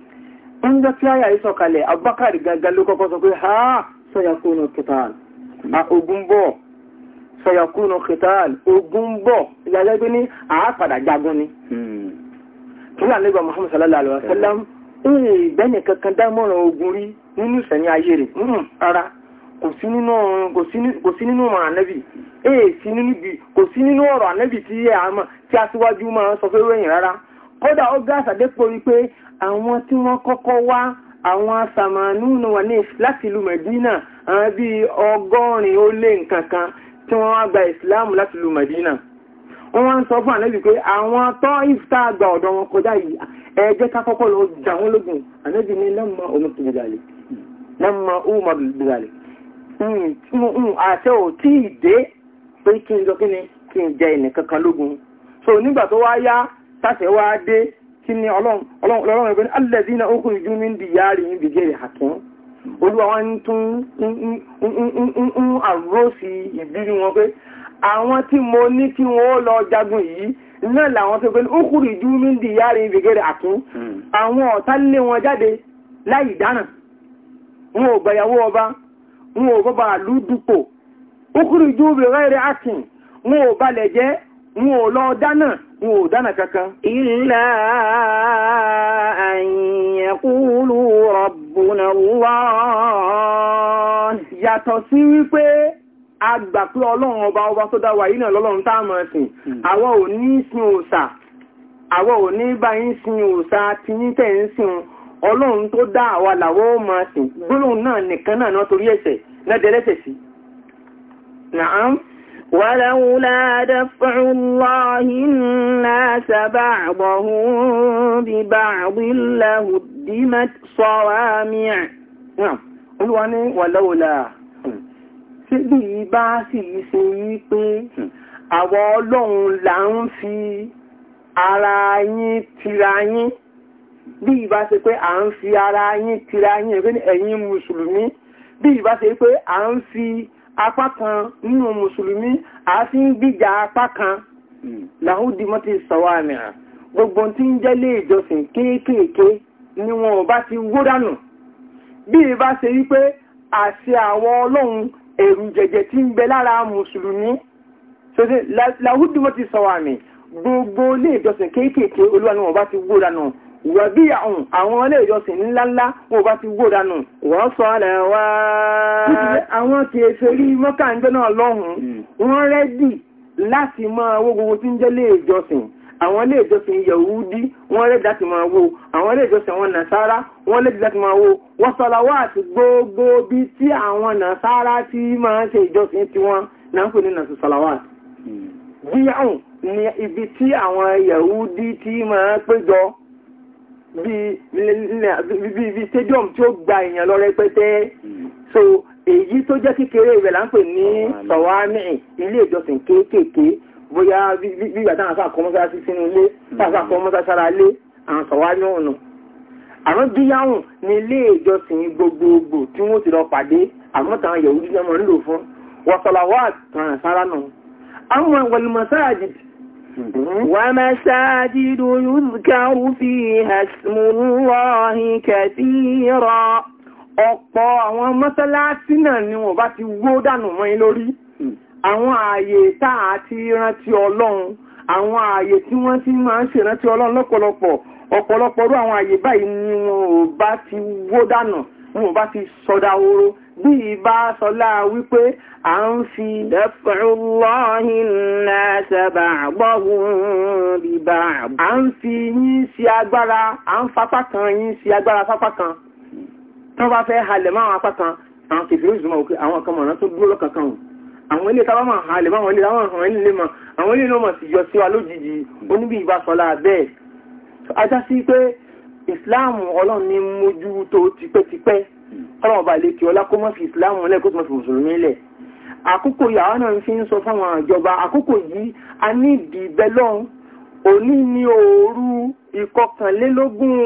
ń jẹ́ kí àyà ìsọ̀kalẹ̀ abubakar gangan ló kọ́kọ́ sọ pé ha sọ́yàkúnù kìtàl ogun bọ̀ sọ́yàkúnù kìtàl ogun bọ̀ ìyàjẹ́ pé ní àápàdà jagun ni tùlà hmm. nígbà muhammad sallallahu alaihi wasallam ìbẹ́ni eh, kankan dámọ̀ràn ogun rí hmm, nínú ìsẹ̀ni ayé rẹ̀ rárá kò sí nínú ọ̀rọ̀ ànẹ́bì èèsí eh, nínú ọ̀rọ̀ ànẹ́bì tí a síwájú máa sọ fẹ́ ròyìn rárá kódà ó gáàsà dépò wípé àwọn tí wọ́n kọ́kọ́ wá àwọn sàmánú wà ní láti ìlú Medina àwọn bíi ọgọ́rin ó lé nǹkan kan tí wọ́n wá gba ìsìláàmù láti ìlú Medina wọ́n wá ń sọ fún ànábì pé àwọn tọ́ ìfta àgbà ọ̀dọ̀ wọn kọjá yìí ẹ jẹ́ ká kọ́kọ́ lọ jà wọ́n lógun ànábì ní lọ́mọ omi bìlàlẹ̀ lọ́mọ ọmọ bìlàlẹ̀ àṣẹ ò tí ì dé pé kí n jọ kí ni kí n jẹ ẹnì kankan lógun so nígbà tó wá yá tàṣẹ wá dé kí ni ọlọ́run ẹgbẹ́ ní alẹ́dínà okùn ìjú mi ń di yáàrí ń bìjẹ́ ìhàkín olúwa wọn tún ń àrósì ìbírí wọn pé àwọn tí mo ní kí wọ́n lọ jagun yìí náà làwọn tó pé okùn ìjú mi ń di yáàrí ń bìjẹ́ ìhàkín àwọn ọ̀tá lé wọn jáde láì dáná wọn ò gbàyàwó ọba wọn ò bọ́ba àlú dupò okùn ìjú bẹ̀rẹ̀ rẹ̀ àkìn wọn ò balẹ̀ jẹ́ wọn ò lọ dáná wọn ò dáná kankan. Illa an yaqulu rabbuna Allah. Yàtọ̀ sí wípé a ọlọ́run ọba ọba tó dá wa yìí náà lọ́lọ́run tá a máa sìn. Hmm. Àwa ò ní sin òòṣà, àwa ò ní bá yín sin òòṣà tí yín tẹ̀ ń sìn. Ọlọ́run tó dá àwa làwọ́ ó máa sìn. Gbólóhùn náà nìkan náà náà torí ẹ̀ṣẹ̀ náà dẹ́lẹ́sẹ̀ sí. ولولا دفع الله الناس بعضهم ببعض لهدمت صوامع Olúwa ní wàlọ́wọ́lá tí bí i bá sì ṣe yí pé àwọn ọlọ́run là ń fi ara yín tira yín bí i bá ṣe pé à ń fi ara yín tira yín ẹ̀yin mùsùlùmí bí i bá ṣe pé à ń fi apá kan nínú mùsùlùmí a fi ń gbíjà apá kan hmm. làhúdí mọ́tí sọ̀wọ́ àmì à gbogbo tí ń jẹ́ lé ìjọsìn kéékèèké ni wọn bá ti wó dànù bí ìbá ṣe wípé àṣẹ àwọn ọlọ́run ẹ̀rù jẹ̀jẹ̀ tí ń bẹ lára mùsùlùmí ṣe làhúdí mọ́tí sọ̀wọ́ àmì gbogbo lé ìjọsìn kéékèèké olúwa ni wọn bá ti wó dànù wàbí àwọn àwọn ilé ìjọsìn ńláńlá wọ́n bá ti wó dànù wọ́n sọ alẹ́ wá àwọn kèfèrí mọ́kà ń gbẹ́nà lọ́hùn hmm. wọ́n rẹ́dì láti máa wó gbogbo tí ń jẹ́ ilé ìjọsìn àwọn ilé ìjọsìn yahudi wọ́n rẹ́dì láti máa wó àwọn ilé ìjọsìn àwọn nàṣárá wọ́n rẹ́dì láti máa wó wọ́n sọ làwọ́ àti gbogbo bí tí àwọn nàṣárá ti máa ń ṣe ìjọsìn tiwọn náà ń pè ní nàṣàlàwà bí hmm. àwọn ibi tí àwọn yahudi ti máa péjọ bíi stadium tí ó gba èèyàn lọ rẹpẹtẹ hmm. so èyí tó jẹ́ kékeré rẹ̀ là ń pè ní sọ̀wámì ilé ìjọsìn kéékèèké bóyá bí ìgbà táwọn afá kọ́ mọ́sára sí sínú ilé táwọn afá kọ́ hmm. mọ́sára sára ilé àwọn sọ̀wámì ọ̀nà àwọn díyàwùn ní ilé ìjọsìn gbogbogbò tí wọ́n ti lọ pàdé àmọ́ táwọn yẹ̀wò dídí ọmọ ń lò fún wọ́sọ̀làwọ́ àtàràn sára náà àwọn ìwọ̀lùmọ̀sáàjì ومساجد يذكر فيها اسم الله كثيرا ọ̀pọ̀ àwọn mọ́sálásí náà ni wọ́n bá ti wó dànù mọ́ lórí àwọn ààyè táà ti rántí ọlọ́run àwọn ààyè tí wọ́n ti máa ń ṣèrántí ọlọ́run lọ́pọ̀lọpọ̀ ọ̀pọ̀lọpọ̀ rú àwọn ààyè báyìí ni wọ́n bá ti wó dànù wọ́n bá ti sọdá oró bí ìbá sọlá wípé a ń fi a ń fi yín sí agbára a ń fapá kan yín sí agbára fapá kan tó bá fẹ́ halẹ̀ máa apá kan àwọn kèfèrè ìzùmọ̀ òkè àwọn kan mọ̀ràn tó dúró lọ́kànkan ò àwọn ilé tàbá máa halẹ̀ máa wọlé àwọn àwọn ilé mọ̀ àwọn ilé náà mọ̀ sí yọ sí wa lójijì oníbí ìbá bẹ́ẹ̀ ajá sí pé ìsìláàmù ọlọ́run ni mójú tó tipẹ́tipẹ́ kọ́lọ̀mọ̀ bá lè kí ọlá kó mọ́ fi ìsìláàmù lẹ́ kó mọ́ fi mùsùlùmí lẹ̀ àkókò yàrá náà fi ń sọ fáwọn ìjọba àkókò yìí a ní ìdìbẹ́ lọ́n òní ní òru ìkọkànlélógún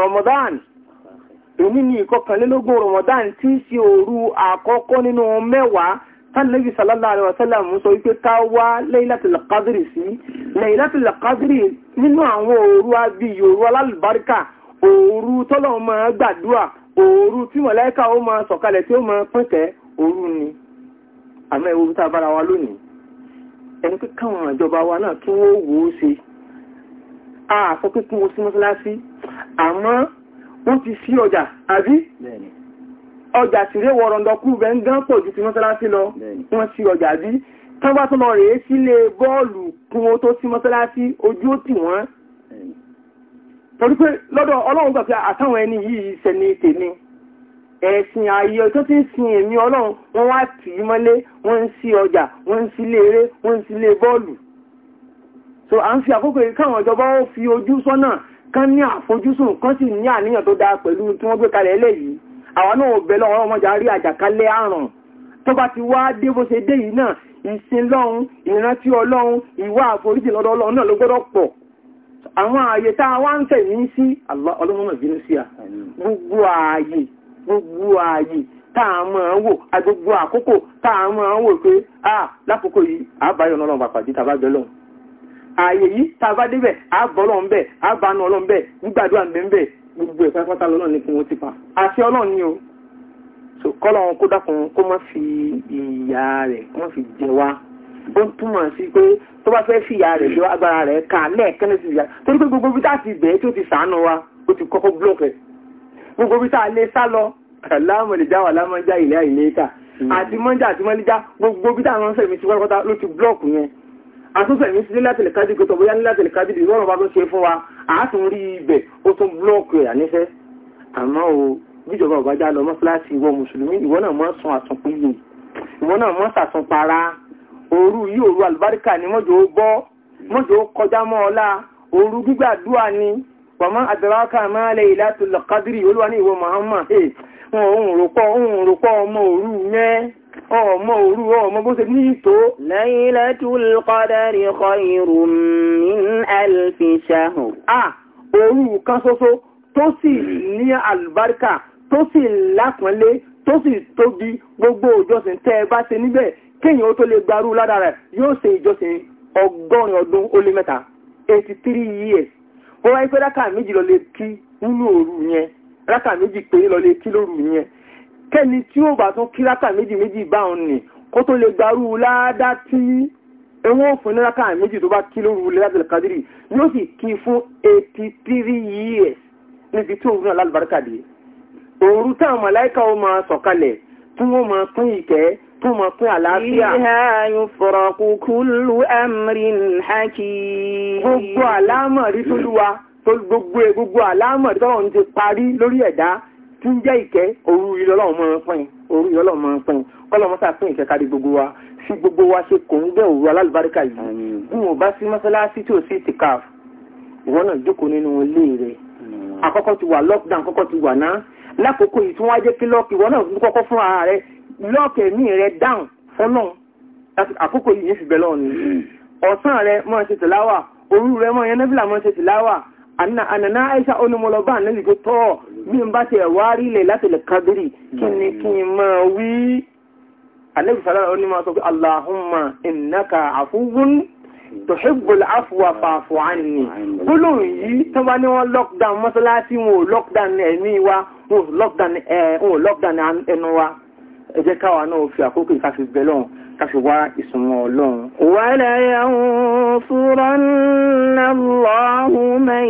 Ramadan òní ní ìkọkànlélógún Ramadan tí í ṣe òru àkọ́kọ́ nínú mẹ́wàá tánàbí sallallahu alaihi wasallam sọ wípé ká wá Laylatul Qadri sí Laylatul Qadri nínú àwọn òru abiyòru alálùbáríkà òru tọ́lọ̀ máa gbàdúrà òru tí mọ̀láíkà ó máa sọ̀kalẹ̀ tí ó máa pínkẹ́ òru ni àmọ́ ìwòrú tá a bára wa lónìí ẹni pé káwọn àjọba wa náà kí wọ́n wò ó ṣe àfọ pípín oṣù mọ́sálásí àmọ́ ó ti sí ọjà àbí ọjà sílé wọ̀rọ̀ndọ̀kú bẹ́ẹ̀ ń gán pọ̀ ju ti mọ́sálásí lọ wọ́n sí ọjà àbí tán bá tún lọ rèé sílé bọ́ọ̀lù kún ó tó sí mọ́sálásí ojú ó tì wọ́n torí pé lọ́dọ̀ ọlọ́run gbà pé àtàwọn ẹni yìí ṣe ní tèmi ẹ̀sìn ayé ọjọ́ tí ń sin èmi ọlọ́run wọ́n wá tì í mọ́lé wọ́n ń sí ọjà wọ́n ń sí ilé wọ́n ń sí ilé bọ́ọ̀lù so à ń fi àkókò yìí káwọn ìjọba ó fi ojú sọ́nà kán ní àfojúsùn kán sì ní àníyàn tó dáa pẹ̀lú tí wọ́n gbé kalẹ̀ eléyìí àwa náà ò bẹ̀lọ́ ọ̀rọ̀ ọmọdé rí àjàkálẹ̀ àrùn tó bá ti wá dé bó ṣe dé yìí náà ìsìn ìrántí ọlọ́hun ìwà àforíjì lọ́dọ̀ ọlọ́hun náà ló gbọ́dọ̀ pọ̀ àwọn ààyè tá a wá ń tẹ̀ ní sí ọlọ́mọ́mọ̀ bínú sí à gbogbo ààyè gbogbo ààyè tá a máa wò agbogbo àkókò tá a máa wò pé à lákòókò yìí àbáyọ̀ náà lọ́nà pàdé tàbá bẹ́ lọ́hùn ààyè yìí tàbá débẹ̀ àbọ̀lọ́ ńbẹ̀ àbánu ọlọ́ńbẹ̀ gbígbàdúrà ńbẹ̀ gbogbo ẹ̀ pátápátá lọ́nà ní kí wọ́n ti pa àti ọlọ́run ni o kọ́lọ́run kó dákun kó má fi ìyà rẹ̀ kó má fi jẹ wá ó túmọ̀ sí pé tó bá fẹ́ fìyà rẹ̀ lọ agbára rẹ̀ kà lẹ́ẹ̀kẹ́lẹ́ sí ìyá torí pé gbogbo bí tá ti bẹ̀ẹ́ tí ó ti sàánú wa ó ti kọ́kọ́ blọ́ọ̀kẹ̀ gbogbo bí tá lè sá lọ láàmọ̀lẹ́já wà láàmọ̀lẹ́já ilẹ̀ ìlẹ́ta hmm. àti mọ́jà àti mọ́lẹ́já gbogbo bí táwọn fẹ̀mí sí pátápátá ló ti blọ́ọ̀kù yẹn àtúnfẹ̀mí sí nílá tẹ̀lẹ̀kádì gbọ́tọ̀ bóyá nílá tẹ̀lẹ̀kádì bí wọ́n bá tó ṣe fún wa àátún rí ibẹ̀ ó tún blọ́ọ̀kù ẹ̀ ànífẹ́ àmọ́ o bíjọba ọ̀bájá lọ mọ́ fúláṣí ìwọ mùsùlùmí ìwọ náà mọ́ sùn àtúnpéyè ìwọ náà mọ́ sàtúnpara òru yìí òru àlùbáríkà ni mọ́jọ́ ó bọ́ mọ́jọ́ ó kọjá mọ́ ọlá òru gbígbàdúrà ni wàmọ́ àdàrákà máa lè ìlàtò lọ́kádìrì olúwa ní ìwọ Muhammad wọn òun rọ̀pọ̀ òun rọ̀pọ̀ ọmọ òru yẹn ọmọ òru ọmọ bó ṣe ní ìtò. Laylatul qadri khayrun min alfi shahr. ah òru kan ṣoṣo tó sì ní àlùbáríkà tó sì lápọ́nlé tó sì tóbi gbogbo òjọsìn tẹ́ ẹ bá ṣe níbẹ̀ kíyàn ó tó lè gbarú ládà rẹ̀ yóò ṣe ìjọsìn ọgọ́rin ọdún ó lé mẹ́ta eighty three years bó wáyé pé rákà méjì lọ lè kí nínú òru yẹn rákà méjì péré lọ lè kí lóru yẹn kẹ́ni tí ó bá tún kí rákà méjì méjì báwọn nì kó tó lè gbarú ládà tí ẹwọ́n fún ní rákà méjì tó bá kí lóru lẹ́dàdàlẹ̀ kadiri yóò sì kí fún eighty three years níbi tí òun náà lálùbáríkà dé òru táwọn màláìka ó máa sọ̀kalẹ̀ tí wọ́n máa pín ìkẹ́ tó mọ̀ fún àlàáfíà. Ìhà yufraqu kullu amrin hakim. Gbogbo àlámọ̀rí tó lúwa, gbogbo e, gbogbo àlámọ̀rí tọ́lọ́run ti parí lórí ẹ̀dá tí ń jẹ́ ìkẹ́ òru ìlọ́lọ́run mọ́ pín. Òru ìlọ́lọ́run mọ́ pín. Kọ́lọ́mọ́sà pín ìkẹ́ kárí gbogbo wa. Fi gbogbo wa ṣe kò ń gbẹ́ òru alálùbáríkà yìí. Bí bá sí mọ́sálásí tí lọ́ọ̀kì ẹ̀mí rẹ̀ dáhùn fọ́lọ́n àkókò yìí fi bẹ̀lọ́ ni ọ̀sán rẹ̀ máa ṣe tìláwà òru rẹ̀ máa yẹn nẹ́fìlà ṣe tìláwà ànàná àìsà onímọ̀lọ́bà nílùú tọ́ bí bá ti ẹ̀wá rí ilẹ̀ láti lè kábírì kí ni kí n wí onímọ̀ sọ pé aláhùnmá ìnáka àfúwà fàáfù gbólóhùn yìí tó bá ní wọ́n lockdown wa wọn ò lockdown wa ẹ jẹ́ káwa náà fi àkókò ká fi bẹ lọ́hùn ká fi wá ìsúnmọ́ ọlọ́run. wala yansuranna Allahu man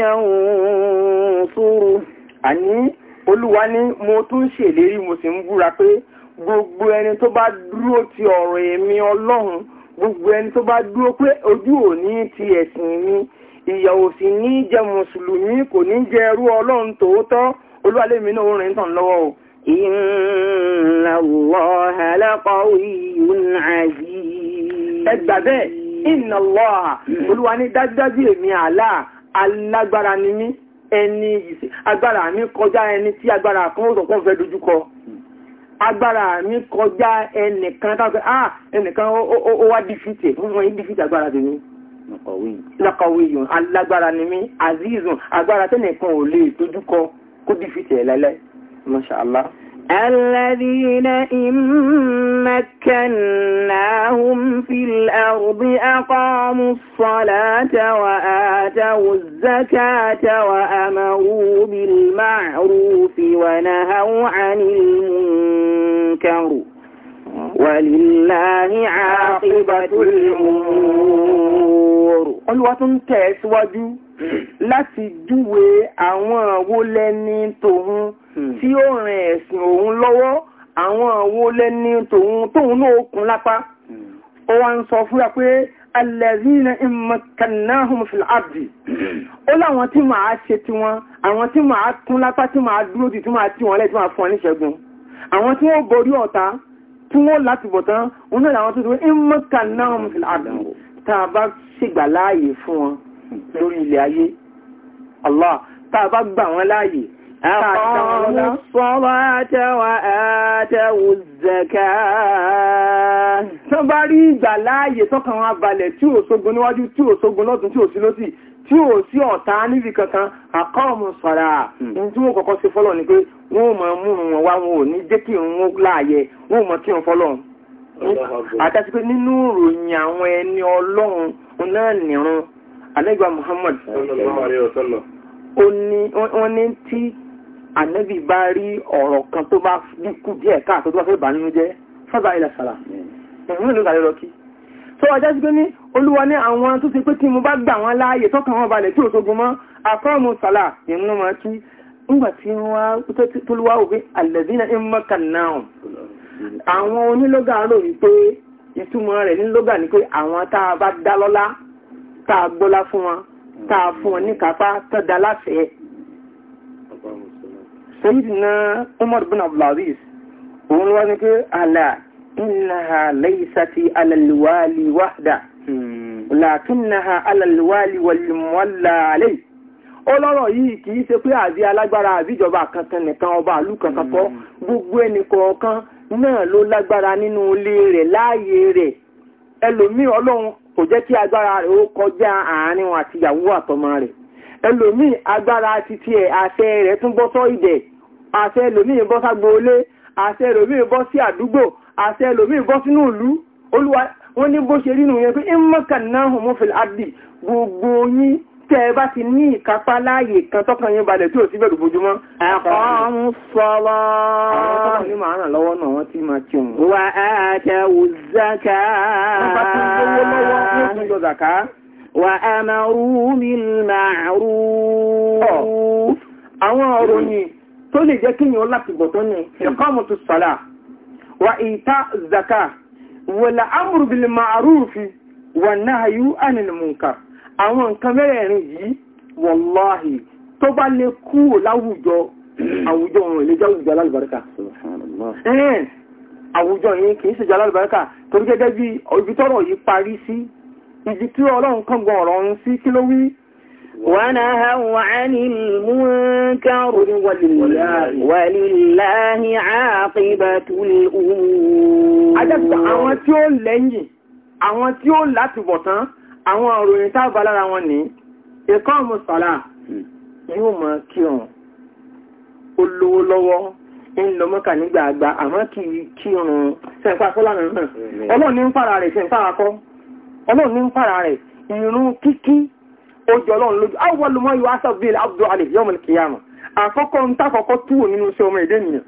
yansuru. àní olúwa ni ń búra pé gbogbo ẹni tó bá ti ọ̀rọ̀ èmi ọlọ́run gbogbo ẹni tó bá dúró pé ojú ò ní jẹ́ mùsùlùmí kò ní jẹ́ ẹrú ọlọ́run tòótọ́ olúwa náà ó tàn lọ́wọ́ o. Inna Allaha laqawiyyun aziz. Ẹgbà bẹ́ẹ̀, Inna Allaha, hmm. olúwa ní dájúdájú èmi àlá, alágbára ni mí, ẹni agbára mi kọjá ẹni tí agbára kan ó sọ̀pọ̀ fẹ́ dojúkọ. Agbára mi kọjá ẹnìkan táwọn ah ẹnìkan ó wá dífìtì, fún wọn yí dífìtì agbára tèmi. Laqawiyyun, alágbára ni mí, azizun, agbára tẹ́nìkan ò lè dojúkọ kó dífìtì ما شاء الله الذين إن مكناهم في الأرض أقاموا الصلاة وآتوا الزكاة وأمروا بالمعروف ونهوا عن المنكر ولله عاقبة الأمور Olúwa tún لا láti júwe àwọn تهو Hmm. tí ó rìn ẹ̀sìn òun lọ́wọ́ àwọn àwọn olẹ́ni tòun tóun náà okùn lápá hmm. ó wá ń sọ fúra pé alẹ́rìnà ìmọ̀kànnáhùn fìlàbì ó láwọn tí máa ṣe ti wọn àwọn tí máa kún lápá tí máa dúró ti tí máa tí wọn lẹ́ tí máa fún wọn níṣẹ́gun àwọn tí wọ́n borí ọ̀tá tí wọ́n láti bọ̀ tán wọn náà làwọn tó ti ìmọ̀kànnáhùn fìlàbì hmm. tá a bá ṣègbà láàyè fún wọn lórí ilẹ̀ ayé Allah tá a bá gbà wọn láàyè أقاموا الصلاة وآتوا الزكاة tán bá rí ìgbà láàyè tọ́kàn wọn balẹ̀ tí ò sógun níwájú tí ò sógun lọ́tún tí ò sí lọ́sì tí ò sí ọ̀tá níbi kankan àkọ́ọ̀mù sọ̀rà hmm. tí wọ́n kọ́kọ́ sí fọ́lọ̀ ni pé wọ́n mọ̀ mú wọn wá wọn ò ní jẹ́ kí wọ́n láàyè wọ́n mọ̀ kí wọ́n fọ́lọ̀ àtàtí pé nínú ìròyìn àwọn ẹni ọlọ́run náà nìrun alẹ́gbà Muhammad ó ní tí ànábì bá rí ọ̀rọ̀ kan tó bá bí kú díẹ̀ káàtó tó bá fẹ́ bà nínú jẹ́ fábà ilẹ̀ sàlà ẹ̀rùn ìlú ìgbàlẹ̀ lọ kí tó ọjọ́ sí pé ní olúwa ní àwọn tó ti pé tí mo bá gbà wọn láàyè tọ́kàn wọn balẹ̀ tí òṣogun mọ́ àfọ́ọ̀mù sàlà ìrún tí wọ́n sayidina umar bin abdulaziz òun wá ní pé àlà ìnáha lẹ́yìsàtì alàlùwálì wáhdà làkínnáha alàlùwálì wàlùmọ́lá àlẹ́yìí ọlọ́rọ̀ yìí kì í ṣe pé àbí alágbára àbí ìjọba kankan nìkan ọba àlú kankan kọ́ mm. gbogbo ẹnì kọ̀ọ̀kan náà ló lágbára nínú ilé rẹ̀ láàyè rẹ̀ ẹlòmíì ọlọ́run kò jẹ́ kí agbára rẹ̀ ó kọjá àárín àti àtọmọ rẹ̀ ẹlòmíì agbára títí ẹ̀ àṣẹ rẹ̀ tún bọ́ sọ ìdẹ̀ àṣẹ ẹlòmíì bọ́ ságboolé àṣẹ ẹlòmíì bọ́ sí àdúgbò àṣẹ ẹlòmíì bọ́ sínú ìlú olúwa wọ́n ní bó ṣe rí yẹn pé ìmọ̀kànnáhùn mọ́fìlì abdi gbogbo yín tẹ́ ẹ bá ti ní ìkápá láàyè kan tọ́kàn yín balẹ̀ tí ò sí bẹ̀rù bójúmọ́. ẹ̀kọ́n sọ́lọ́. àwọn wọ́n ti máa وأمروا بالمعروف àwọn ọ̀rọ̀ yìí tó lè jẹ́ kíyàn láti bọ̀tọ́ ní ẹ̀kọ́mù tó sọ́lá wà ìta zaka wà láàmùrù bí lè máa rúrùfi wà náà yíó ànìlmùnkà àwùjọ ọ̀rọ̀ ilé àwùjọ yìí kìí ṣe jẹ́ alábàríkà torí gẹ́gẹ́ bí ibi tọ́rọ̀ yìí ibi tí ọlọ́run kan gbọ́ ọ̀rọ̀ ọ̀run sí kí ló wí ونهوا عن المنكر ولله عاقبة الأمور Ajẹ́sọ̀ àwọn tí ó lẹ́yìn, àwọn tí ó láti bọ̀tán, àwọn òròyìn tábà lára wọn ní, ẹ̀kọ́ mùsàlá yóò máa kírun, olówó ń lọ mọ́kà nígbà àgbà, ọlọ́run ní ń fara rẹ̀ ìrún kíkí ó jọ ọlọ́run lójú awọ́lùmọ́ yóò aṣọ bíi abdu alif yọmọ kìyàmù àkọ́kọ́ ń tàkọ́kọ́ túwò nínú iṣẹ́ ọmọ èdè nìyẹn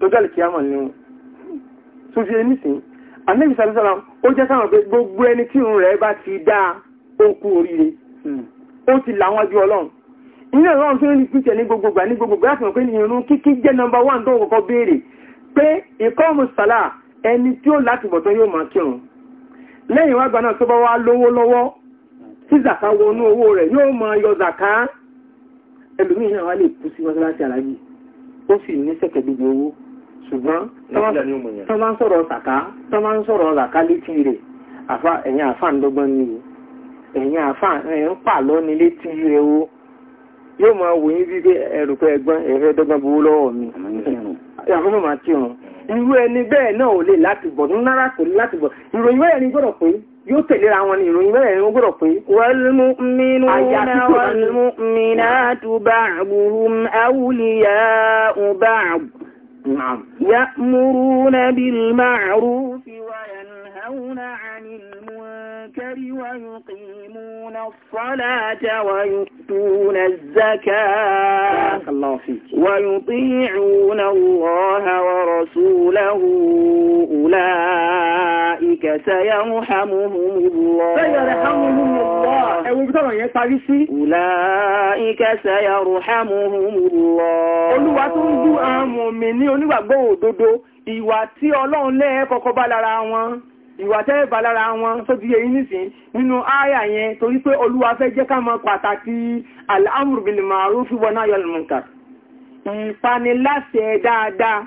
lọ́jọ́ alìkìyàmù ni wọn tó fi ẹni sìn anabi sàlùsàlàm ó jẹ́ sáwọn pé gbogbo ẹni tí irun rẹ̀ bá ti dá ó kú oríire ó ti là wọn ju ọlọ́run ilé ọlọ́run tó ní píṣẹ̀ ní gbogbo gbà ní gbogbo gbà láti mọ̀ pé irun kíkí jẹ́ nọmba wán tó kọ́kọ́ béèrè pé ìkọ́mù sàlà ẹni tí ó láti bọ̀ tó yóò máa kírun lẹ́yìn wá gbaná tó bá wá lówó lọ́wọ́ tí zaka wọnú owó rẹ̀ yóò mọ yọ zaka ẹlòmí náà wá lè kú sí mọ́sálásí aláàjì ó sì ní sẹ́kẹ̀ gbogbo owó ṣùgbọ́n tọ́ máa ń sọ̀rọ̀ zaka tọ́ máa ń sọ̀rọ̀ zaka létí rẹ̀ ẹ̀yìn àfà ń dọ́gbọ́n ni ẹ̀yìn àfà ń pà lọ́ni létí rẹ̀ o yóò máa wòyí bí ẹrù pé ẹgbọ́n ẹ̀fẹ́ dọ́gbọ́n gbowó lọ́wọ́ mi irú ẹni bẹ́ẹ̀ náà ò lè láti bọ̀ ní náírà kò ní láti bọ̀ ìròyìn bẹ́ẹ̀ ni gbọ́dọ̀ pé yóò tẹ̀léra wọn ni ìròyìn bẹ́ẹ̀ ni gbọ́dọ̀ pé. wal-mu'minuna wal-mu'minatu ba'duhum awliya'u ba'd ya'muruna bil-ma'rufi wa yanhawna 'anil المنكر ويقيمون الصلاة ويؤتون الزكاة ويطيعون الله ورسوله أولئك سيرحمهم الله سيرحمهم الله أولئك سيرحمهم الله Olúwa tó ń dú àwọn mìíní onígbàgbọ́ òdodo ìwà tí Ọlọ́run lẹ́ẹ̀kọ́kọ́ bá lára wọn ìwà tẹ́ bà lára wọn tó ti yẹ yìí nìsín nínú ááyà yẹn torí pé olúwa fẹ́ jẹ́ ká mọ̀ pàtàkì al-amru bil ma'ruf wa nahy anil munkar ìpaniláṣẹ dáadáa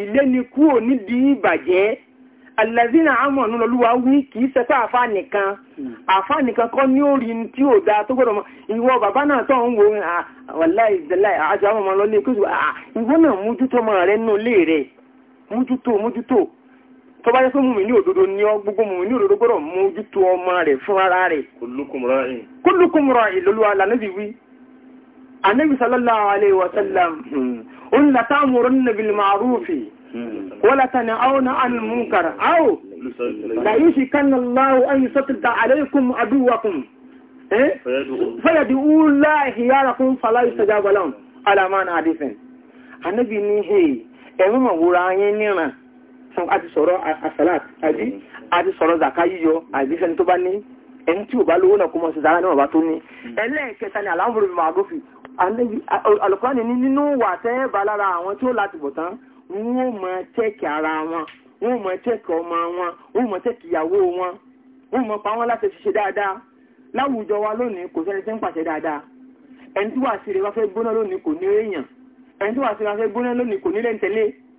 ìléni kúrò nídìí ìbàjẹ́ alẹ́zínà àmọ̀nú lọ́lúwa wí kìí sẹ́kọ́ àfá nìkan àfá nìkan kọ́ ní orí tí ó dáa tó gbọ́dọ̀ mọ́ ìwọ bàbá náà tọ́ ń tó bá yẹ pé mùmí ní òdodo ní ọ gbogbo mùmí ní òdodo gbọ́dọ̀ mójútó ọmọ rẹ̀ fún ara rẹ̀ kullukum ra'in lóluwà lànàbí wí anabi sallallahu alaihi wasallam òun hmm. latamurunna bil ma'rufi hmm. wala tan'awna 'anil munkar aw la yushikanna Allahu an yusatida alaykum aduwakum fẹ́yẹ̀dì úlá ìhìyára fún fàlá ìsẹjábàlá alamán àdífẹ́. Anábi ní, "Hey, ẹ̀mọ́ wòrán yẹn níran, sọ àti sọ̀rọ̀ asalat àbí mm. àti sọ̀rọ̀ zaka yíyọ àbí sẹ́ni tó bá ní ẹni tí ò bá lówó náà kó mọ̀ sí zara náà bá tó ní mm. ẹlẹ́ẹ̀kẹta ni aláwòrán mi máa gòfì alùpùpù ní nínú wà tẹ́ bá lára àwọn tí ó láti bọ̀ tán wọ́n mọ̀ tẹ́ẹ̀kì ara wọn wọ́n mọ̀ tẹ́ẹ̀kì ọmọ wọn wọ́n mọ̀ tẹ́ẹ̀kì ìyàwó wọn wọ́n mọ̀ pa wọn láti wa lónìí kò sẹ́ni tí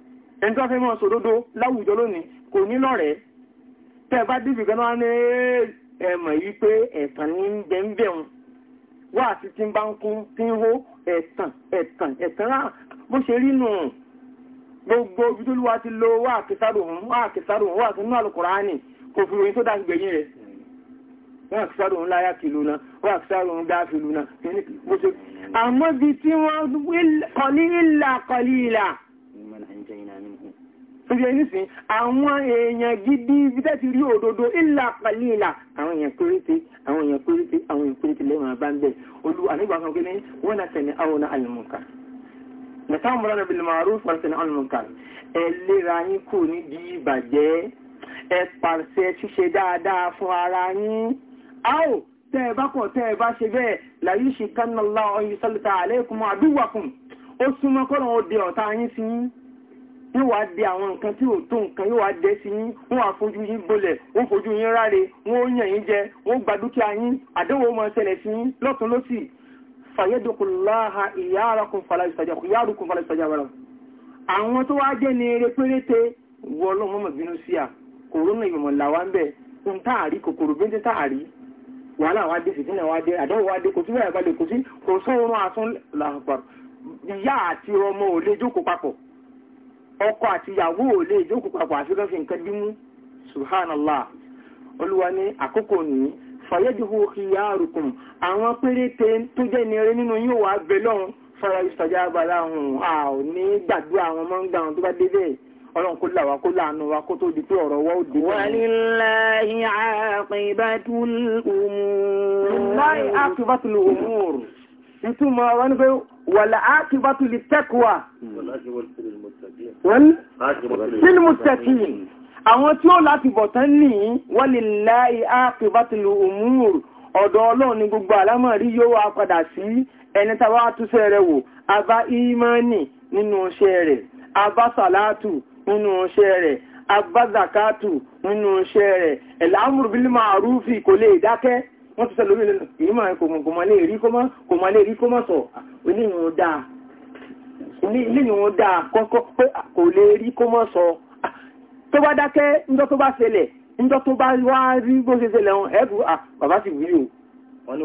ẹni tó fẹ́ mọ́ sòdodo láwùjọ lónìí kò ní lọ́rẹ̀ẹ́ tẹ́ bá dìbì kan náà ní ẹ̀mọ̀ yìí pé ẹ̀tàn ní ń bẹ ń bẹ̀rùn wá àti tí ń bá ń kún tí ń hó ẹ̀tàn ẹ̀tàn ẹ̀tàn rà bó ṣe rí nù gbogbo ibi ti lo wá àkẹsàrò òun wá àkẹsàrò òun wá àti nínú àlùkùránì kò fi ròyìn tó dá gbẹ̀yìn rẹ̀ wá àkẹsàrò òun láyà kìlú náà wá àkẹsàrò òun dá kìlú náà àmọ́ bí tí wọ́n kọlí ìlà kọlí ìlà orí ẹni sìn àwọn èèyàn gidi bíbẹ́ ti rí òdodo ìlà pàlí ìlà àwọn èèyàn péréte àwọn èèyàn péréte àwọn èèyàn péréte lẹ́wọ̀n bá ń bẹ̀ olú ànígbà kan pé ní wọ́n náà sẹ̀ni àwọn àlùmọ̀ká nàtàwọn mọ́ra nàbí lè máa rú fàṣẹ̀ni àlùmọ̀ká ẹ léra yín kò ní di ìbàjẹ́ ẹ pàṣẹ ṣíṣe dáadáa fún ara yín áò tẹ́ ẹ bá kọ̀ tẹ́ ẹ bá ṣe bẹ́ẹ̀ làyí ṣì kánà láwọn yìí sọ́lítà àlẹ́kùnmọ́ àdúwàkùn ó súnmọ́ ó de ọ̀tá yóò wá dé àwọn nǹkan tí ò tó nǹkan yóò wá dé sí yín wọ́n wá fojú yín bolẹ̀ wọ́n fojú yín ráre wọ́n ó yàn yín jẹ wọ́n gba dúkìá yín àdéhùn ọmọ ṣẹlẹ̀ sí yín lọ́tún lọ́sì fàyẹ́dọ̀kùnláha ìyárakùn falẹ́sàjáwẹ̀rẹ̀ àwọn tó wá jẹ́ ní eré péréte wọ́ọ́lọ́ mọ́mọ́ bínú sí à kòrónà ìmọ̀ làwa ń bẹ̀ ń táàrí kòkòrò bí ń tẹ́ táàrí wàhálà wá dé fìtínà wá dé àdánwò wá dé kò sí wẹ́ẹ̀ balẹ̀ kò sí kò sóorun àtún ìyá àti ọmọ ò lè jókòó papọ̀ ọkọ àti ìyàwó ò lè jókòó papọ̀ àfi kan fi nǹkan dímú subhanallah olúwa ní àkókò nìyí fàyẹ́dìhù khiyarukum àwọn péréte tó jẹ́ nire nínú yóò wá bẹ fara ìsọjá abala hùn a ní gbàdúrà àwọn ọmọ ń gbà wọn tó bá débẹ̀ ọlọ́run kó là kó láàánú wa kó tó di pé ọ̀rọ̀ wọ́ òdì walillahi aqibatul umur ìtumọ̀ wọn ni pé wàlá ákìbátù lè tẹ́kùwà wọ́n nínú mùsẹ̀kì àwọn tí ó láti bọ̀tán ní wọ́n lè láì ákìbátù lè òmúrù ọ̀dọ̀ ọlọ́run ni gbogbo àlámọ̀ rí yóò wá padà sí ẹni tàbá àtúnṣe rẹ̀ wò abá ìmánì nínú iṣẹ́ rẹ̀ abá sàlátù nínú iṣẹ́ rẹ̀ abá zakátù nínú iṣẹ́ rẹ̀ ẹ̀lámùrùbílì máa rúfì kò lè dákẹ́ wọ́n ti sẹ́lórí ìrìnmà kò mọ̀ lè rí kó mọ́ sọ oníyàn dáa kọ́kọ́ pé kò lè rí kó mọ́ sọ tó bá dákẹ́ ńjọ́ tó bá ṣẹlẹ̀ ńjọ́ tó bá wá rí bó ṣe ṣẹlẹ̀ wọn ẹ̀bù bàbá sì wí o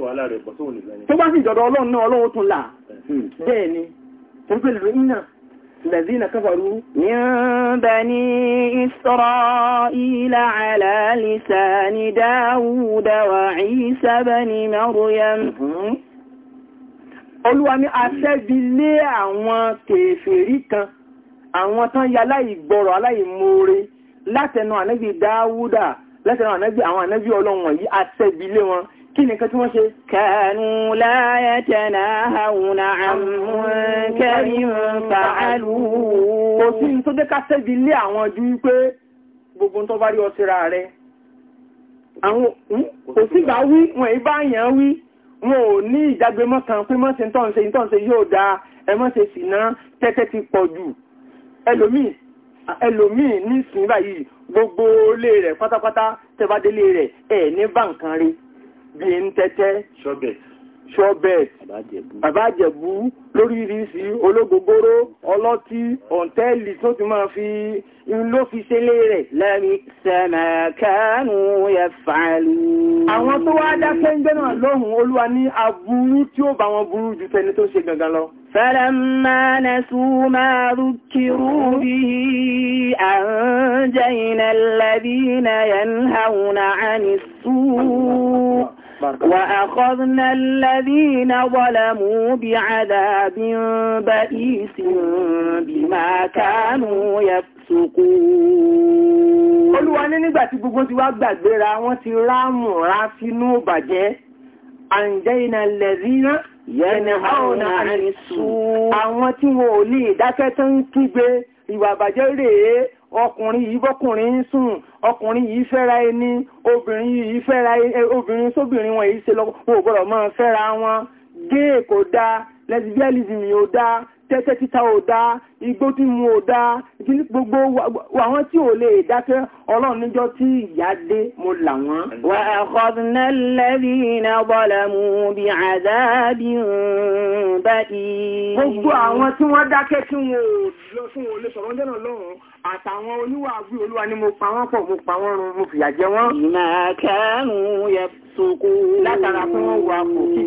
tó bá sì jọ̀dọ̀ ọlọ́run náà ọlọ́run tún là hmm. bẹ́ẹ̀ ni tó pẹ̀lú iná الذين كفروا من بني إسرائيل على لسان داود وعيسى بن مريم Olúwa ní aṣẹ́bílé àwọn kèfèrí kan, àwọn tán ya aláìgbọ́rọ̀ aláìmoore látẹnu ànábì Dáúdà, látẹnu ànábì àwọn ànábì Ọlọ́run yìí aṣẹ́bílé wọn kí ni kan tí wọ́n ṣe kanu la yatanahawna an munkarin kò sí tó tó bá wọn hmm? ò ní ìjágbe mọ́kan pé mọ́sí tọ́nse tọ́nse yóò da ẹmọ́sẹ̀ sì tẹ́tẹ́ ti pọ̀ jù ẹlòmíì ẹlòmíì nísìnyí báyìí gbogbo ilé rẹ̀ pátápátá tẹ́bádélé rẹ̀ ẹ̀ ní bá nǹkan rí bí n tẹ́tẹ́ ṣọ́bẹ̀t àbájẹ̀bú lórí ìrísí ológogoro ọlọ́tí ọ̀ntẹ́lì tó ti máa fi ló fi ṣelé rẹ̀ lẹ́rin sẹ̀mẹ̀kánú yẹ fàálù. àwọn tó wá dákẹ́ ń gbẹ́nà lọ́hùn olúwa ní aburú tí ó bá wọn burú ju tẹni tó ṣe gangan lọ. فلما نسوا ما ذكروا به أنجينا الذين ينهون عن السوء وأخذنا الذين ظلموا بعذاب بئيس بما كانوا يفسقون Olúwa ní nígbà tí gbogbo ti wá gbàgbéra wọ́n ti ráàmù rá sínú bàjẹ́ àǹjẹ́ iná lẹ̀zínà yẹni àwọn àrìsù àwọn tí wọn ò lè dákẹ́ tó ń kígbe ìwà bàjẹ́ rèé ọkùnrin yìí bọ́kùnrin ń sùn ọkùnrin yìí fẹ́ra ẹni obìnrin yìí fẹ́ra obìnrin sóbìnrin wọn yìí ṣe lọ́wọ́ wọn ò gbọ́dọ̀ máa fẹ́ra wọn gay kò dáa lesbianism ò dáa tẹ́tẹ́ títa ò dáa igbó tí mu ò dáa gbogbo àwọn tí ò lè dákẹ́ ọlọ́run níjọ́ tí ìyà dé mo là wọ́n. wà á kọ́bùnà lẹ́bí iná bọ́lá mu bí àdábì bá ti. gbogbo àwọn tí wọ́n dákẹ́ tí wọn ò lọ fún wọn lè sọ̀rọ̀ jẹ́nà lọ́rùn àtàwọn oníwà àbí olúwa ni mo pa wọ́n pọ̀ mo pa wọ́n run mo fìyà jẹ wọ́n. ìmọ̀ kẹ́rùn-ún yẹ sókó. látara fún wọn wà kò kí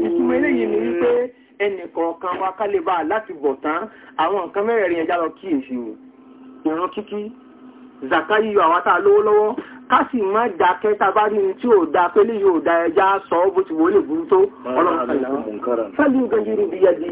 ẹnì kọ̀ọ̀kan wa kálẹ̀ bá láti bọ̀ tán àwọn nǹkan mẹ́rẹ̀ẹ̀rin ẹja lọ kíyèsí o ìran kíkí zaka yíyọ àwọn tá a lówó lọ́wọ́ ká sì má dákẹ́ tá bá ní tí ò da pélé yóò da ẹja sọ bó ti wọlé burú tó ọlọ́run